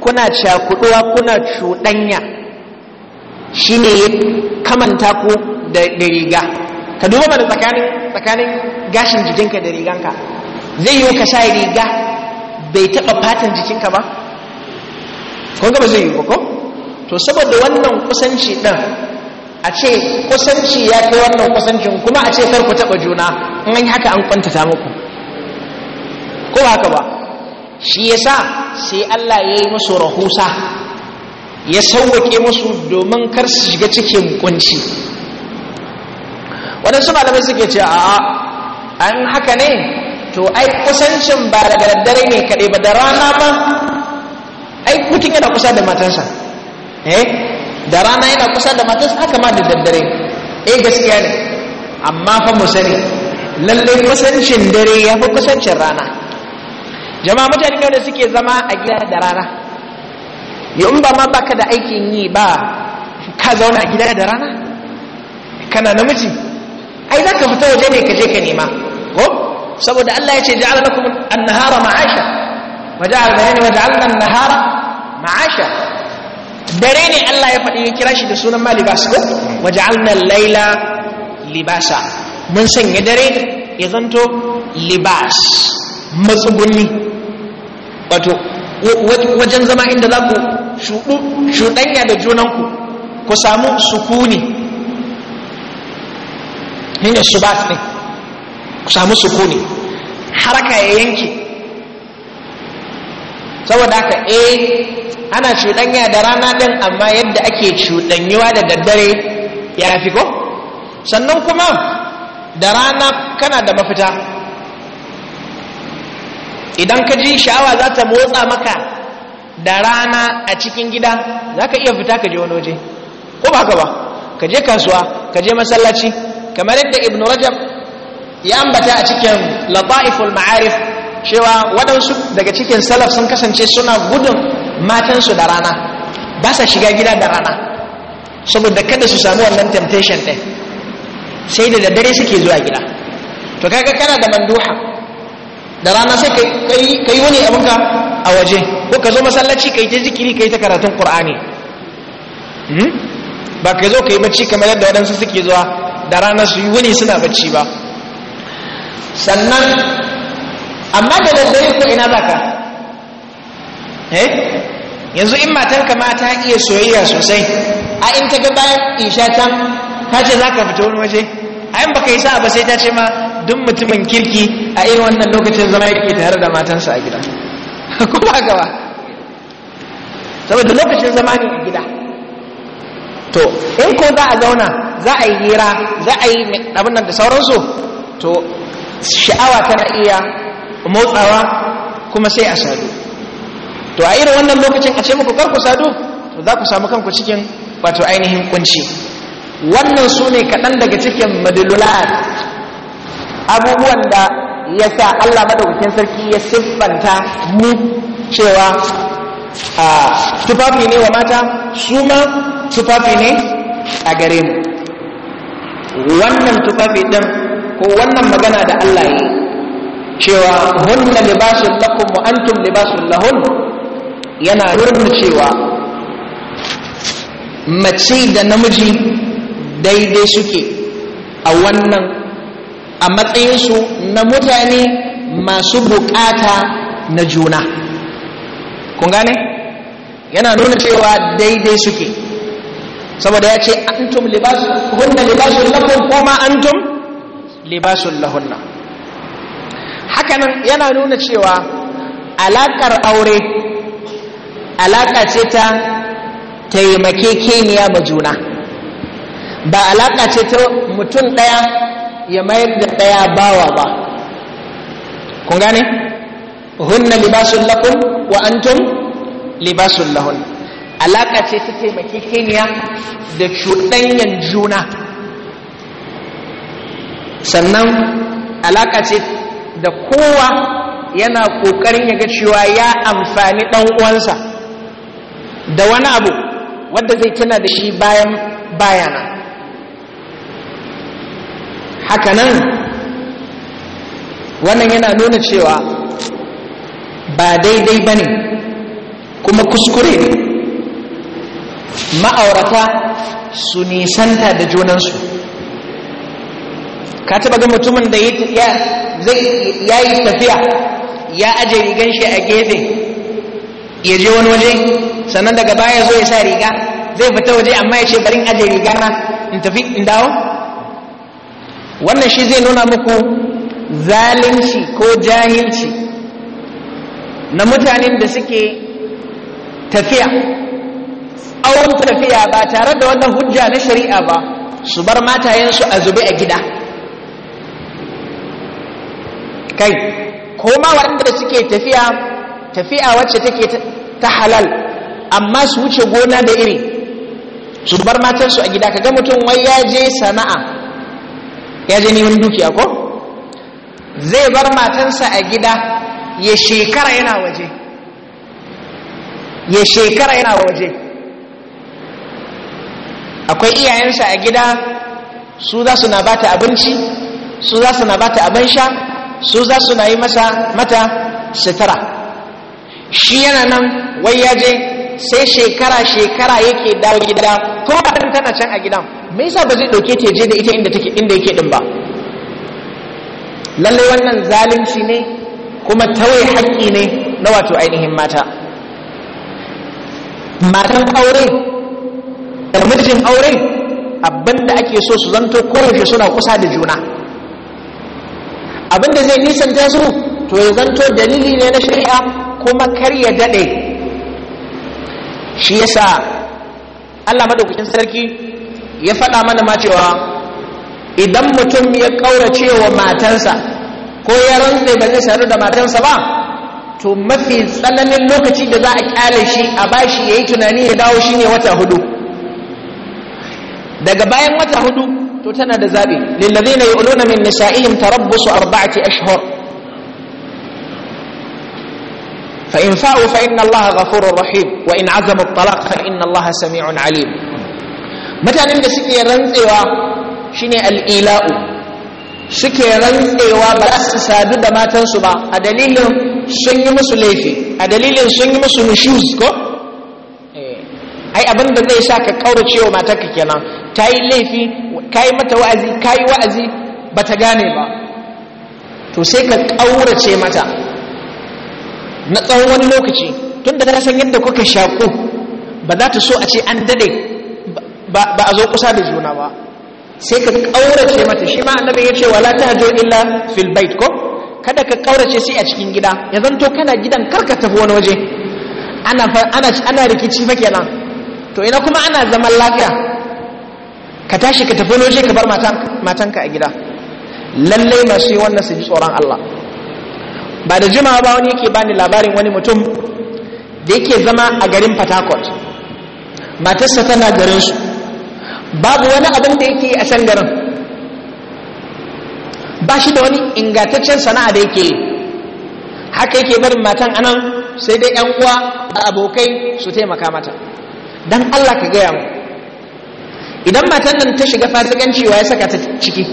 kuna cakuduwa kuna cuɗanya shi ne ya kamanta ku da riga ka duba mana tsakanin gashin jikinka da riganka zai yi ka sha riga bai taɓa fatan jikinka ba? kun gaba zai yi ko? to saboda wannan kusanci ɗin a ce kusanci ya kai wannan kusancin kuma a ce kar ku taɓa juna in an haka an kwantata muku ko haka ba shi yasa sai Allah ya yi musu rahusa ya sauwake musu domin kar su shiga cikin kunci waɗansu malamai suke ce a an haka ne to ai kusancin ba da daddare ne kaɗai ba da rana ba ai mutum yana kusa da matansa eh da rana yana kusa da matarsa haka ma da daddare eh gaskiya ne amma fa mu sani lallai kusancin dare ya fi kusancin rana jama'a mutane ne da suke zama a gida da rana ya in ba ma baka da aikin yi ba ka zauna a gida da rana kana namiji ai za ka fita waje ne ka je ka nema ko saboda Allah ya ce ja'ala lakum an-nahara ma'asha wa ja'ala bayna wa ja'alna an-nahara ma'asha dare ne Allah ya faɗi ya kira shi da sunan ma ko waja'alna laila libasa mun sanya dare ya zanto libas matsugunni wato wajen zama inda za ku shuɗanya da junanku ku samu sukuni ne ne subat ne ku samu sukuni haraka ya yanke saboda haka eh ana cuɗanya da rana ɗin amma yadda ake cuɗanyuwa da daddare ya fi ko sannan kuma da rana kana da mafita idan ka ji sha'awa za ta motsa maka da rana a cikin gida za ka iya fita ka je wani waje ko ba ka ba ka je kasuwa ka je masallaci kamar yadda ibn rajab ya ambata a cikin lata'iful ma'arif cewa waɗansu daga cikin salaf sun kasance suna gudun matansu da rana ba sa shiga gida da rana saboda kada su sami wannan temptation ɗin sai da daddare suke zuwa gida to kaga kana da manduha da rana sai ka yi wani abinka a waje ko ka zo masallaci ka yi ta zikiri ka yi ta karatun ƙur'ani hmm? ba ka zo ka yi bacci kamar yadda waɗansu suke zuwa da rana su yi wani suna bacci ba sannan amma da daddare ko ina ka eh yanzu in matanka ma ta iya soyayya sosai a in ta ga bayan isha can ta ce za ka fita wani waje a yin baka yi sa'a ba sai ta ce ma duk mutumin kirki a irin wannan lokacin zama yake tare da matansa a gida kuma gawa saboda lokacin zama ne a gida to in ko za a zauna za a yi hira za a yi abin nan da sauransu to sha'awa tana iya motsawa kuma sai a sadu to a irin wannan lokacin a ce muku kar ku sadu to za ku samu kanku cikin wato ainihin kunci wannan su ne kaɗan daga cikin madalulat abubuwan da ya sa allah madaukakin sarki ya siffanta mu cewa tufafi ne wa mata su ma tufafi ne a gare mu wannan tufafi ɗin ko wannan magana da allah ya yi cewa hunna libasun lakum wa antum libasun lahun yana nuna cewa mace da namiji daidai suke a wannan a matsayinsu na mutane masu bukata na juna kun gane yana nuna cewa daidai suke saboda ya ce antum libasun hunna libasun lakum kuma antum libasun lahunna hakanan yana nuna cewa alaƙar aure alaƙa ce ta taimakekeniya ba juna ba alaƙa ce ta mutum ɗaya ya mayar da ɗaya bawa ba kun gane hunna libasun lakun wa antum libasun lahun alaƙa ce ta taimakekeniya da cuɗanyan juna sannan alaƙa ce da kowa yana ƙoƙarin ya ga cewa ya amfani ɗan uwansa da wani abu wanda zai tuna da shi bayan bayana hakanan wannan yana nuna cewa ba daidai bane kuma kuskure ma'aurata su nisanta da junansu ka taba ga mutumin da ya yi tafiya ya aje rigan shi a gefe ya je wani waje sannan daga baya zo ya sa riga zai fita waje amma ya ce bari aje riga na in tafi in dawo wannan shi zai nuna muku zalunci ko jahilci na mutanen da suke tafiya tsawon tafiya ba tare da wannan hujja na shari'a ba su bar matayensu a zube a gida kai ko ma waɗanda suke tafiya tafiya wacce take ta halal amma su wuce gona da iri su bar matansu a gida kaga mutum wai ya je sana'a ya je neman dukiya ko zai bar matansa a gida ya shekara yana waje ya shekara yana waje akwai iyayensa a gida su za su na bata abinci su za su na bata abin sha su za su na yi masa mata sitara shi yana nan wai ya je sai shekara-shekara yake dawo gida ko ɗan tana can a gidan mai sa ba zai ɗauke ta je da ita inda take inda yake ɗin ba lallai wannan zalunci ne kuma tauye haƙƙi ne na wato ainihin mata matan aure da mijin aure abinda ake so su zanto koyaushe suna kusa da juna abinda zai nisanta su to ya zanto dalili ne na shari'a kuma karya ya daɗe shi yasa Allah madaukakin sarki ya faɗa mana ma cewa idan mutum ya ƙaura cewa matarsa ko ya rantse ba zai sadu da matansa ba to mafi tsananin lokaci da za a ƙyale shi a bashi ya yi tunani ya dawo shi ne wata hudu daga bayan wata hudu to tana da zabi lillazina yu'luna min nisa'ihim tarabbusu arba'ati ashhur fa in fa'u fa inna allaha ghafurur rahim wa in azama at-talaq fa inna allaha sami'un alim mutanen da suke rantsewa shine al-ila'u suke rantsewa ba su sadu da matansu ba a dalilin sun yi musu laifi a dalilin sun yi musu nushuz ko ai abinda zai sa ka kaurace wa ka kenan ta yi laifi ka yi mata wa'azi ka yi wa'azi ba ta gane ba to sai ka kaurace mata na tsawon wani lokaci tun da ta san yadda kuka shaƙo ba za ta so a ce an dade ba a zo kusa da juna ba sai ka kaurace mata shi ma annabi ya ce wala tahju illa fil bait ko kada ka kaurace sai a cikin gida ya zanto kana gidan karka tafi wani waje ana rikici fa kenan to ina kuma ana zaman lafiya ka tashi ka tafi noje ka bar matanka a gida lallai masu yi wannan su ji tsoron Allah ba da jimawa ba wani yake bani labarin wani mutum da yake zama a garin Fatakot matarsa tana garin su babu wani abin da yake yi a can garin ba shi da wani ingantaccen sana'a da yake haka yake barin matan anan sai dai 'yan uwa da abokai su taimaka mata dan Allah ka gaya mu idan matan nan ta shiga fasikanci wa ya saka ta ciki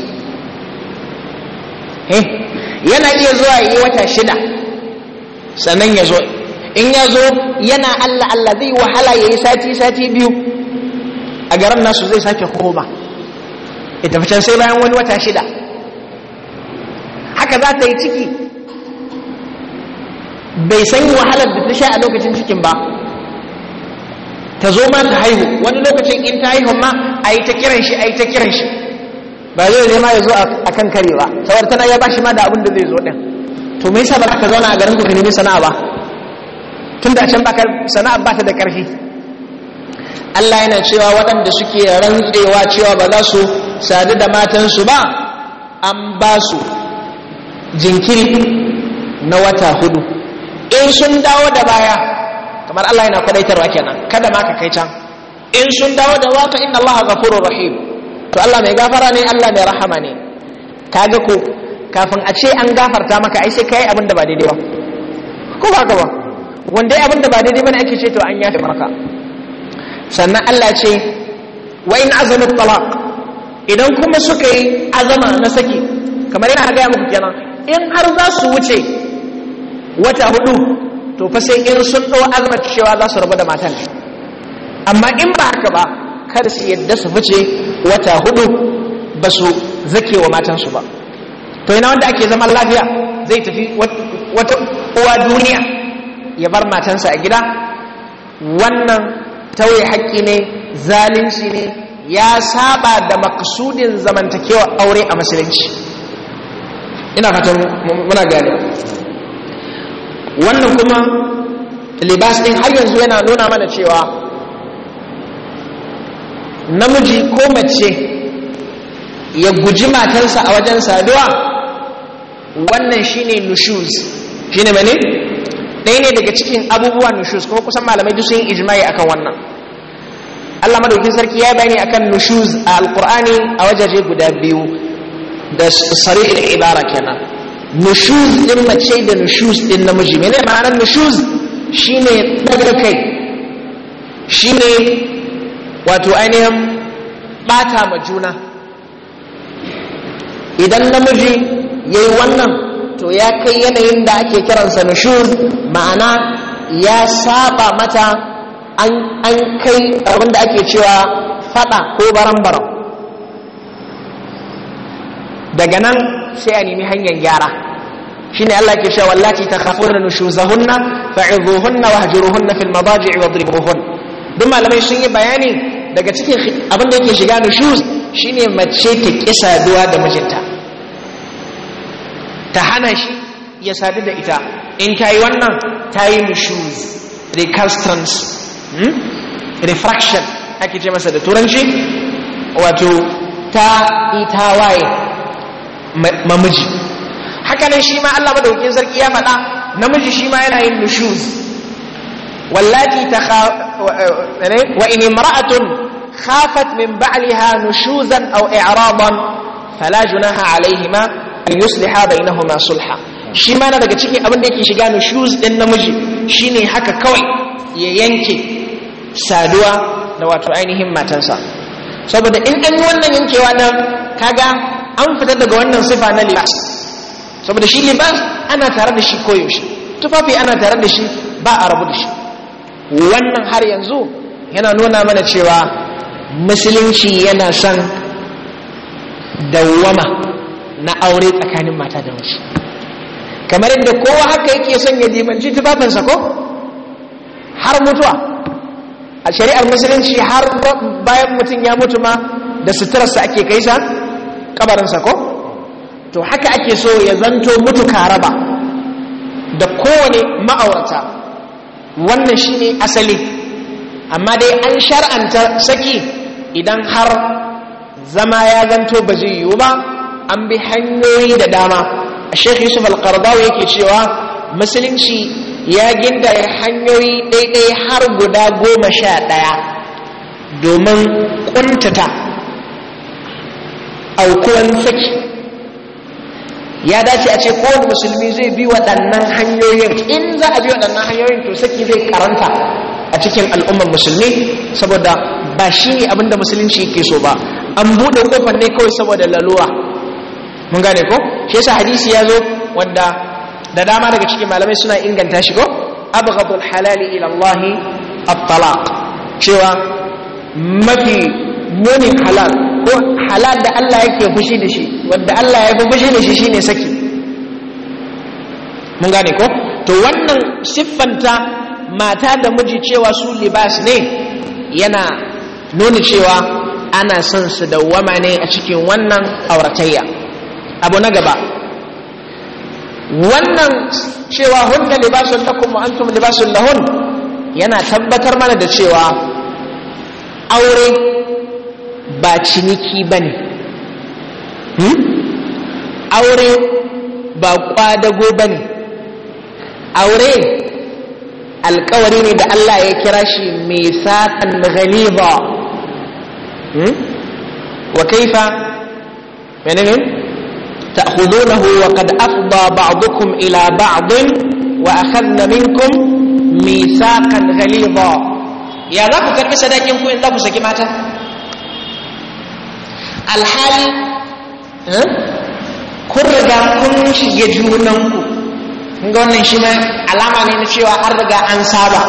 eh yana iya zuwa yi wata shida sannan ya zo in ya zo yana Allah Allah zai wahala ya yi sati sati biyu a garin nasu zai sake koma ya tafi sai bayan wani wata shida haka za ta yi ciki bai san wahalar da ta sha a lokacin cikin ba ta zo ma ta haihu wani lokacin in ta haihu ma a yi ta kiran shi a yi ta kiran shi ba zai zai ma ya zo a kan kare ba sabar tana ya bashi ma da abin da zai zo ɗin to me yasa ba ka zauna a garin ku nemi sana'a ba tun da can baka sana'a ba ta da karfi Allah yana cewa waɗanda suke rantsewa cewa ba za su sadu da matansu ba an ba su jinkiri na wata hudu in sun dawo da baya kamar Allah yana kwadaitarwa kenan kada ma ka kai can in sun dawo da waka inna Allah ghafurur rahim to Allah mai gafara ne Allah mai rahama ne kaga ko kafin a ce an gafarta maka ai sai kai abin da ba daidai ba ko ba ka ba wanda abin da ba daidai bane ake ce to an yafe maka sannan Allah ce wa in azama talaq idan kuma suka yi azama na saki kamar yana ga muku kenan in har za su wuce wata hudu to fa sai in sun ɗau azumar cewa za su rabu da matan amma in ba haka ba kar su yadda su fice wata hudu ba su zake wa matansu ba to ina wanda ake zaman lafiya zai tafi wata uwa duniya ya bar matansa a gida wannan tauye haƙƙi ne zalunci ne ya saba da makasudin zamantakewa aure a musulunci ina fatan muna gani wannan kuma libas ɗin har yanzu yana nuna mana cewa namiji ko mace ya guji matarsa a wajen saduwa wannan shine nushuz shine mene ɗaya ne daga cikin abubuwa nushuz kuma kusan malamai duk sun ijimai akan wannan Allah madaukin sarki ya bayani akan nushuz a alqur'ani a wajaje guda biyu da sarihin ibara kenan nushuz din mace da nushuz din namiji mene ma'anar nushuz shine daga kai shine wato ainihin ɓata ma juna idan namiji yayi wannan to ya kai yanayin da ake kiransa nushuz ma'ana ya saba mata an kai abin da ake cewa fada ko baran-baran daga nan sai a nemi hanyar gyara shine Allah ke cewa wallati takhafuna nushuzahunna fa'idhuhunna wahjuruhunna fil wa wadribuhun duk malamai sun yi bayani daga cikin abin da yake shiga nushuz shine mace ta kisa duwa da mijinta ta hana shi ya sadu da ita in ka yi wannan ta yi nushuz recalcitrance hmm? refraction ake ce masa da turanci wato ta ita waye mamiji hakanan shi ma Allah madaukakin sarki ya faɗa namiji shi ma yana yin nushuz wallati ta eh, wa in imra'atun khafat min ba'liha nushuzan aw i'raban fala junaha alaihima an yusliha bainahuma sulha shi ma na daga cikin abin da yake shiga nushuz din namiji shine haka kawai ya yanke saduwa da wato ainihin matansa saboda in an wannan yankewa na kaga an fitar daga wannan sifa na libas saboda shi libas ana tare da shi koyaushe tufafi ana tare da shi ba a rabu da shi wannan har yanzu yana nuna mana cewa musulunci yana son dawwama na aure tsakanin mata da wasu kamar yadda kowa haka yake son ya dimanci tufafinsa ko har mutuwa a shari'ar musulunci har bayan mutum ya mutu ma da suturarsa ake kaisa kabarinsa ko to haka ake so ya zanto mutu karaba da kowane ma'aurata wannan shine asali amma dai an shar'anta saki idan har zama ya zanto ba zai yiwu ba an bi hanyoyi da dama a sheikh yusuf al-qardawi yake cewa musulunci ya ya hanyoyi daidai har guda goma sha ɗaya domin ƙuntata aukuwan saki ya dace a ce kowane musulmi zai bi waɗannan hanyoyin in za a bi waɗannan hanyoyin to saki zai karanta a cikin al'ummar musulmi saboda ba shi ne abinda musulunci ke so ba an buɗe kofar ne kawai saboda laluwa mun gane ko shi yasa hadisi ya zo wanda da dama daga cikin malamai suna inganta shi ko abghadul halali ila Allah at-talaq cewa mafi munin halal ko halal da Allah yake fushi da shi wanda Allah ya fi fushi da shi shine saki mun gane ko to wannan siffanta mata da miji cewa su libas ne yana nuna cewa ana son su dawwama ne a cikin wannan auratayya abu na gaba wannan cewa hunna libasun lakum wa antum libasun lahun yana tabbatar mana da cewa aure ba ciniki ba hmm? aure ba kwadago ba aure alkawari ne da Allah ya kira shi mai saƙan ghaliba hmm? wa kaifa menene ta'khudunahu wa qad afda ba'dukum ila ba'd wa akhadna minkum misaqan ghaliba ya za ku karkashe dakin ku in za ku saki mata alhali eh, kun riga kun shige junanku kun ga wannan shi alama ne na cewa an riga an saba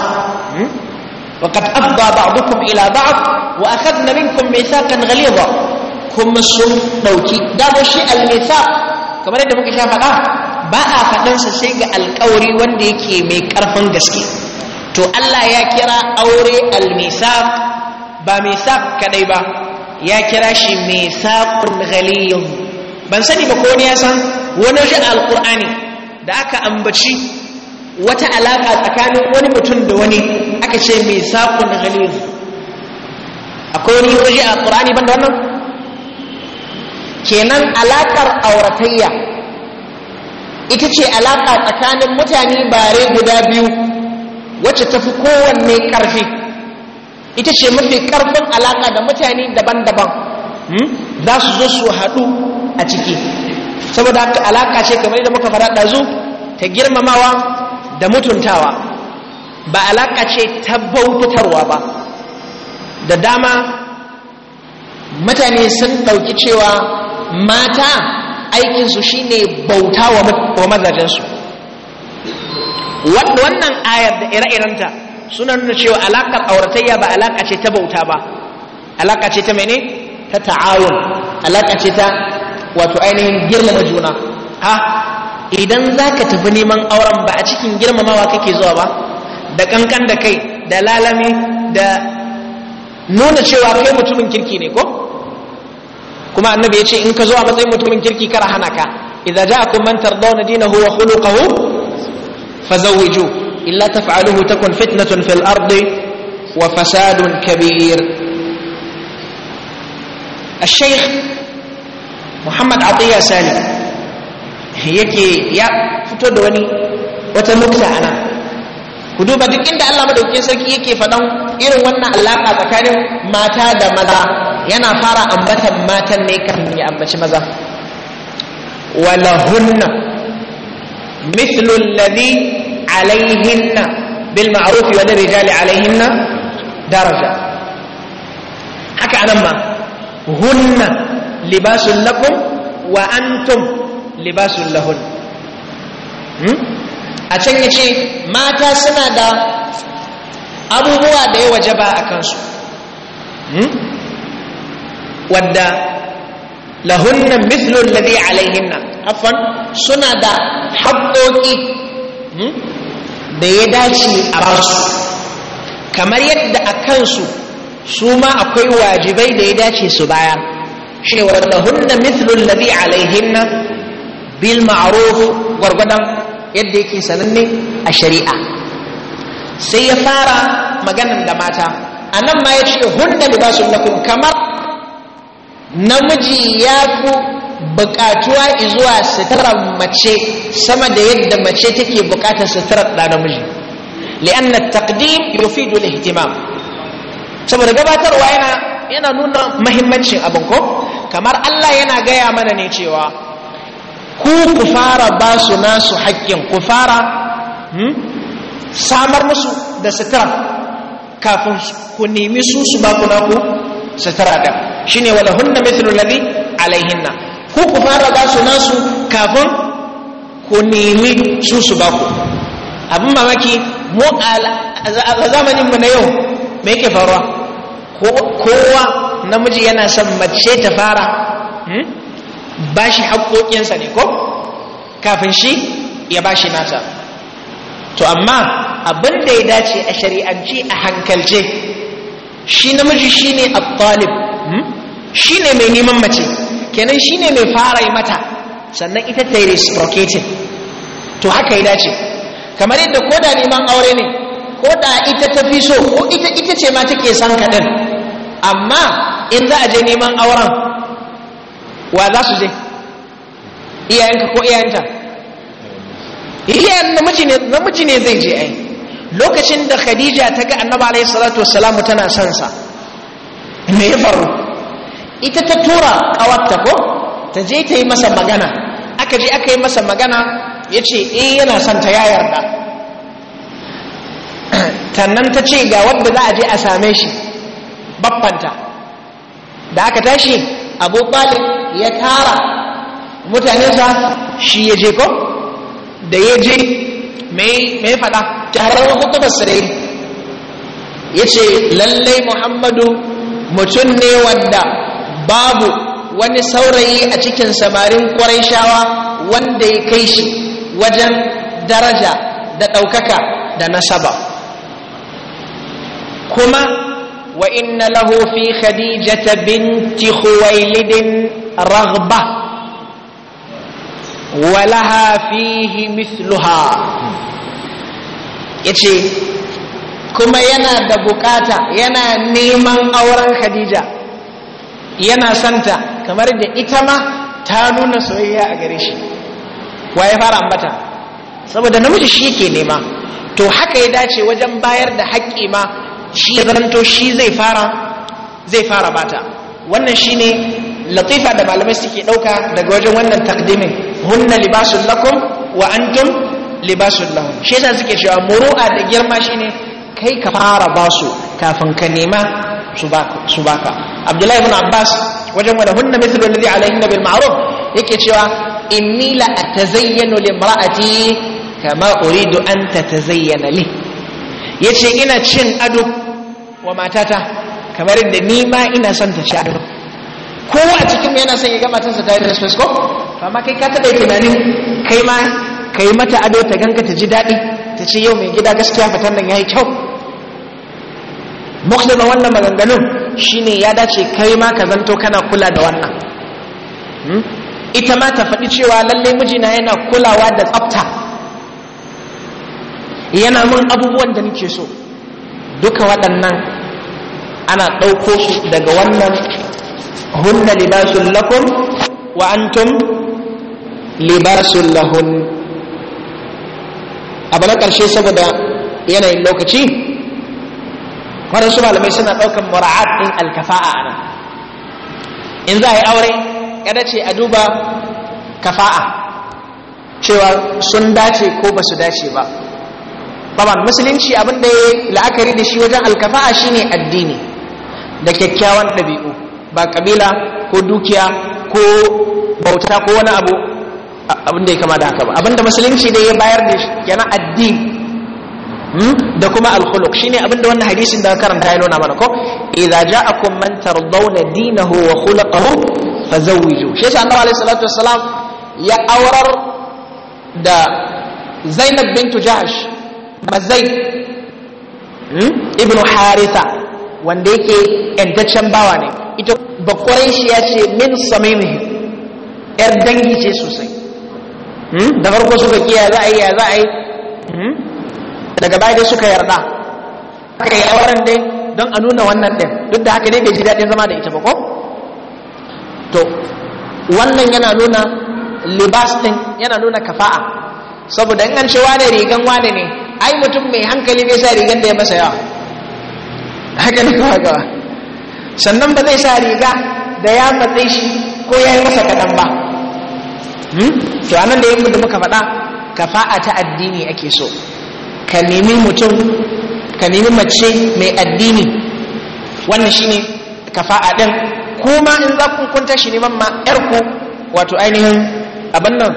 وقد أفضى بعضكم إلى بعض وأخذنا منكم ميثاقا غليظا كم سن دوكي دابو شيء الميثاق كما لدى muka sha faɗa ba a faɗansa sai ga alƙawari wanda yake mai ƙarfin gaske to Allah ya kira aure al-misaq ba sa kaɗai ba ya kira shi mai saƙon ghaliyun ban sani ba ko ne ya san wani wajen alƙur'ani da aka ambaci wata alaƙa tsakanin wani mutum da wani aka ce mai saƙon ghaliyun akwai wani wajen alƙur'ani ban da wannan kenan alaƙar auratayya ita ce alaƙa tsakanin mutane bare guda biyu wacce ta fi kowanne ƙarfi ita ce mafi karfin alaka da mutane daban-daban hmm? za su zo su haɗu a ciki saboda haka alaka ce kamar da muka fara ɗazu ta girmamawa da mutuntawa ba alaka ce ta bautarwa ba da dama mutane sun ɗauki cewa mata aikinsu shi ne bauta wa mazajensu wannan ayar da ire-irenta suna nuna cewa alaƙar auratayya ba alaƙa ce ta bauta ba alaƙa ce ta mene ta ta'awun alaƙa ce ta wato ainihin girmama juna ha idan za ka tafi neman auren ba a cikin girmamawa kake zuwa ba da ƙanƙan da kai da lalami da nuna cewa kai mutumin kirki ne ko kuma annabi ya ce in ka zo a matsayin mutumin kirki kara hana ka idza ja'akum man tardawna dinahu fa khuluquhu fazawwiju إلا تفعله تكن فتنة في الأرض وفساد كبير الشيخ محمد عطية سالم yake ya fito da wani wata nukta a nan ku duba duk inda Allah madaukakin sarki yake faɗan irin wannan alaƙa tsakanin mata da maza yana fara ambatan matan ne kan ya ambaci maza walahunna mithlu alladhi عليهن بالمعروف وللرجال عليهن درجة حكى أنما هن لباس لكم وأنتم لباس لهن أتن يشي ما تاسنا دا أبو هو دي وجبا أكنسو ودا لهن مثل الذي عليهن عفوا سنا دا حقوكي da ya dace a basu kamar yadda a kansu su ma akwai wajibai da ya dace su baya. shi wadda hunna mithlul ladhi alaihinna bil ma'ruf gwargwadon yadda yake sananne a shari'a sai ya fara maganan da mata a nan ma ya ce hunna libasun lakum kamar namiji ya fi. buƙatuwa izuwa sitarar mace sama da yadda mace take buƙatar sitarar ɗa namiji li'anna taqdim yufidu dole ihtimam saboda gabatarwa yana nuna muhimmancin abin ko kamar Allah yana gaya mana ne cewa ku ku fara ba su nasu haƙƙin ku fara hmm, samar musu da sitira kafin ku nemi su su baku naku sitira da, shine wala hunna mithlu alladhi alaihinna ku ku fara ba su nasu kafin ku nemi su su ba ku abin mamaki mu a zamaninmu na yau me yake faruwa kowa namiji yana son mace ta fara hmm, ba shi haƙoƙinsa ne ko kafin shi ya ba shi nasa? to amma abin da ya dace a shari'anci a hankalce shi namiji shi ne a abtalib hmm, shi ne mai neman mace kenan shi ne mai fara yi mata sannan ita ta yi reciprocating to haka ya dace kamar yadda ko da neman aure ne ko da ita ta fi so ko ita ita ce ma take san ka din amma in za a je neman auren wa za su je iyayenka ko iyayenta iyayen namiji ne zai je ai lokacin da khadija ta ga annaba alaihi salatu wassalamu tana son sa me ya faru ita ta tura ƙawarta ko ta je ta yi masa magana aka je aka yi masa magana ya ce eh yana son ta ya yarda tannan ta ce ga wadda za a je a same shi babbanta da aka tashi abu ɓalin ya tara mutanensa shi ya je ko da ya je mai fada taron hukumar da ya ce lallai muhammadu mutum ne wanda babu wani saurayi a cikin samarin shawa wanda ya kai shi wajen daraja da ɗaukaka da nasaba kuma wa inna lahu fi khadijata binti khuwailidin raghba wa laha fihi mithluha yace kuma yana da bukata yana neman auren khadija yana santa kamar da ita ma ta nuna soyayya a gare shi wa ya fara ambata saboda namiji shi ke nema to haka ya dace wajen bayar da haƙƙi ma shi ya zanto shi zai fara zai fara bata wannan shi ne latifa da malamai suke ɗauka daga wajen wannan takdimin hunna libasun lakum wa tun libasun lahum shi suke cewa muru'a da girma shi ne kai ka fara basu kafin ka nema su baka abdullahi ibn abbas wajen wani hunna mithlu alladhi alayhi bil ma'ruf yake cewa inni la atazayyanu li imra'ati kama uridu an tatazayyana li yace ina cin ado wa matata kamar inda ni ma ina son ta ci ado kowa a cikin yana son ya ga matarsa ta yi dress face ko amma kai ka taɓa tunanin kai ma kai mata ado ta ganga ta ji daɗi ta ce yau mai gida gaskiya fatan nan ya yi kyau muktaba wannan maganganun shine ya dace kai ma ka zanto kana kula da wannan hmm? ita ma ta faɗi cewa lalle mijina yana kulawa da tsafta yana min abubuwan da nake so duka waɗannan ana ɗauko su daga wannan hunna libasun lakum wa antum libasun lahun abu na ƙarshe saboda yanayin lokaci waɗansu malamai suna ɗaukan mura'at ɗin alkafa'a a nan in za a yi aure ya dace a duba kafa'a cewa sun dace ko ba su dace ba baban musulunci abin da ya la'akari da shi wajen alkafa'a shine addini da kyakkyawan ɗabi'u ba ƙabila ko dukiya ko bauta ko wani abu abin da ya kama da haka ba abin da musulunci da ya bayar da shi yana addini Hmm? da kuma al-khuluq shine abinda wannan hadisin da karanta ya nuna mana ko idza ja'akum man tardawna dinahu wa khulquhu fazawwiju shi yasa annabi alaihi salatu ya aurar da Zainab bintu Jahash mazai hmm? ibnu Haritha wanda yake yantaccen bawa ne ita bakwarai shi ya ce min samimihi yar dangi ce sosai hmm? da farko suka kiya za a yi ya za a yi daga baya dai suka yarda aka yi auren dai don a nuna wannan ɗin duk da haka ne bai ji daɗin zama da ita ba ko to wannan yana nuna libas ɗin, yana nuna kafa'a saboda in an ce wane rigan wane ne ai mutum mai hankali mai sa rigan da ya masa yawa haka ne kawai gawa sannan ba zai sa riga da ya matsayi shi ko ya yi masa kaɗan ba hmm? to anan da yin mutum muka faɗa kafa'a ta addini ake so ka nemi mutum ka nemi mace mai addini wannan shine kafa'a din kuma in za ku kunta shi neman ma yarku wato ainihin abinnan nan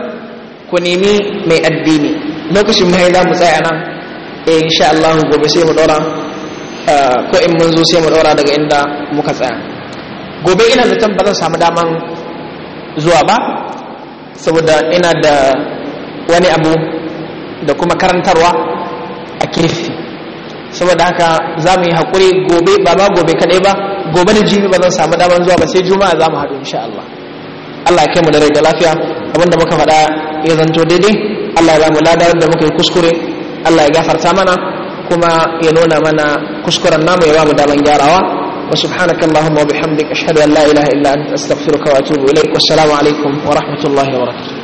ku nemi mai addini lokacin mai za mu tsaya nan eh, sha Allah gobe sai mu ɗora eh, ko in mun sai mu ɗora daga inda muka tsaya gobe ina zaton ba zan samu daman zuwa ba saboda ina da wani abu da kuma karantarwa a kirfi saboda haka za mu yi haƙuri gobe ba ma gobe kaɗai ba gobe da jibi ba zan samu damar zuwa ba sai juma'a za mu haɗu insha Allah Allah ya kai mu da rai da lafiya da muka faɗa ya zanto daidai Allah ya ba mu ladar da muka yi kuskure Allah ya gafarta mana kuma ya nuna mana kuskuren namu ya ba mu damar gyarawa wa subhanaka allahumma wa bihamdika ashhadu an la ilaha illa anta astaghfiruka wa atubu ilaik assalamu alaikum wa rahmatullahi wa barakatuh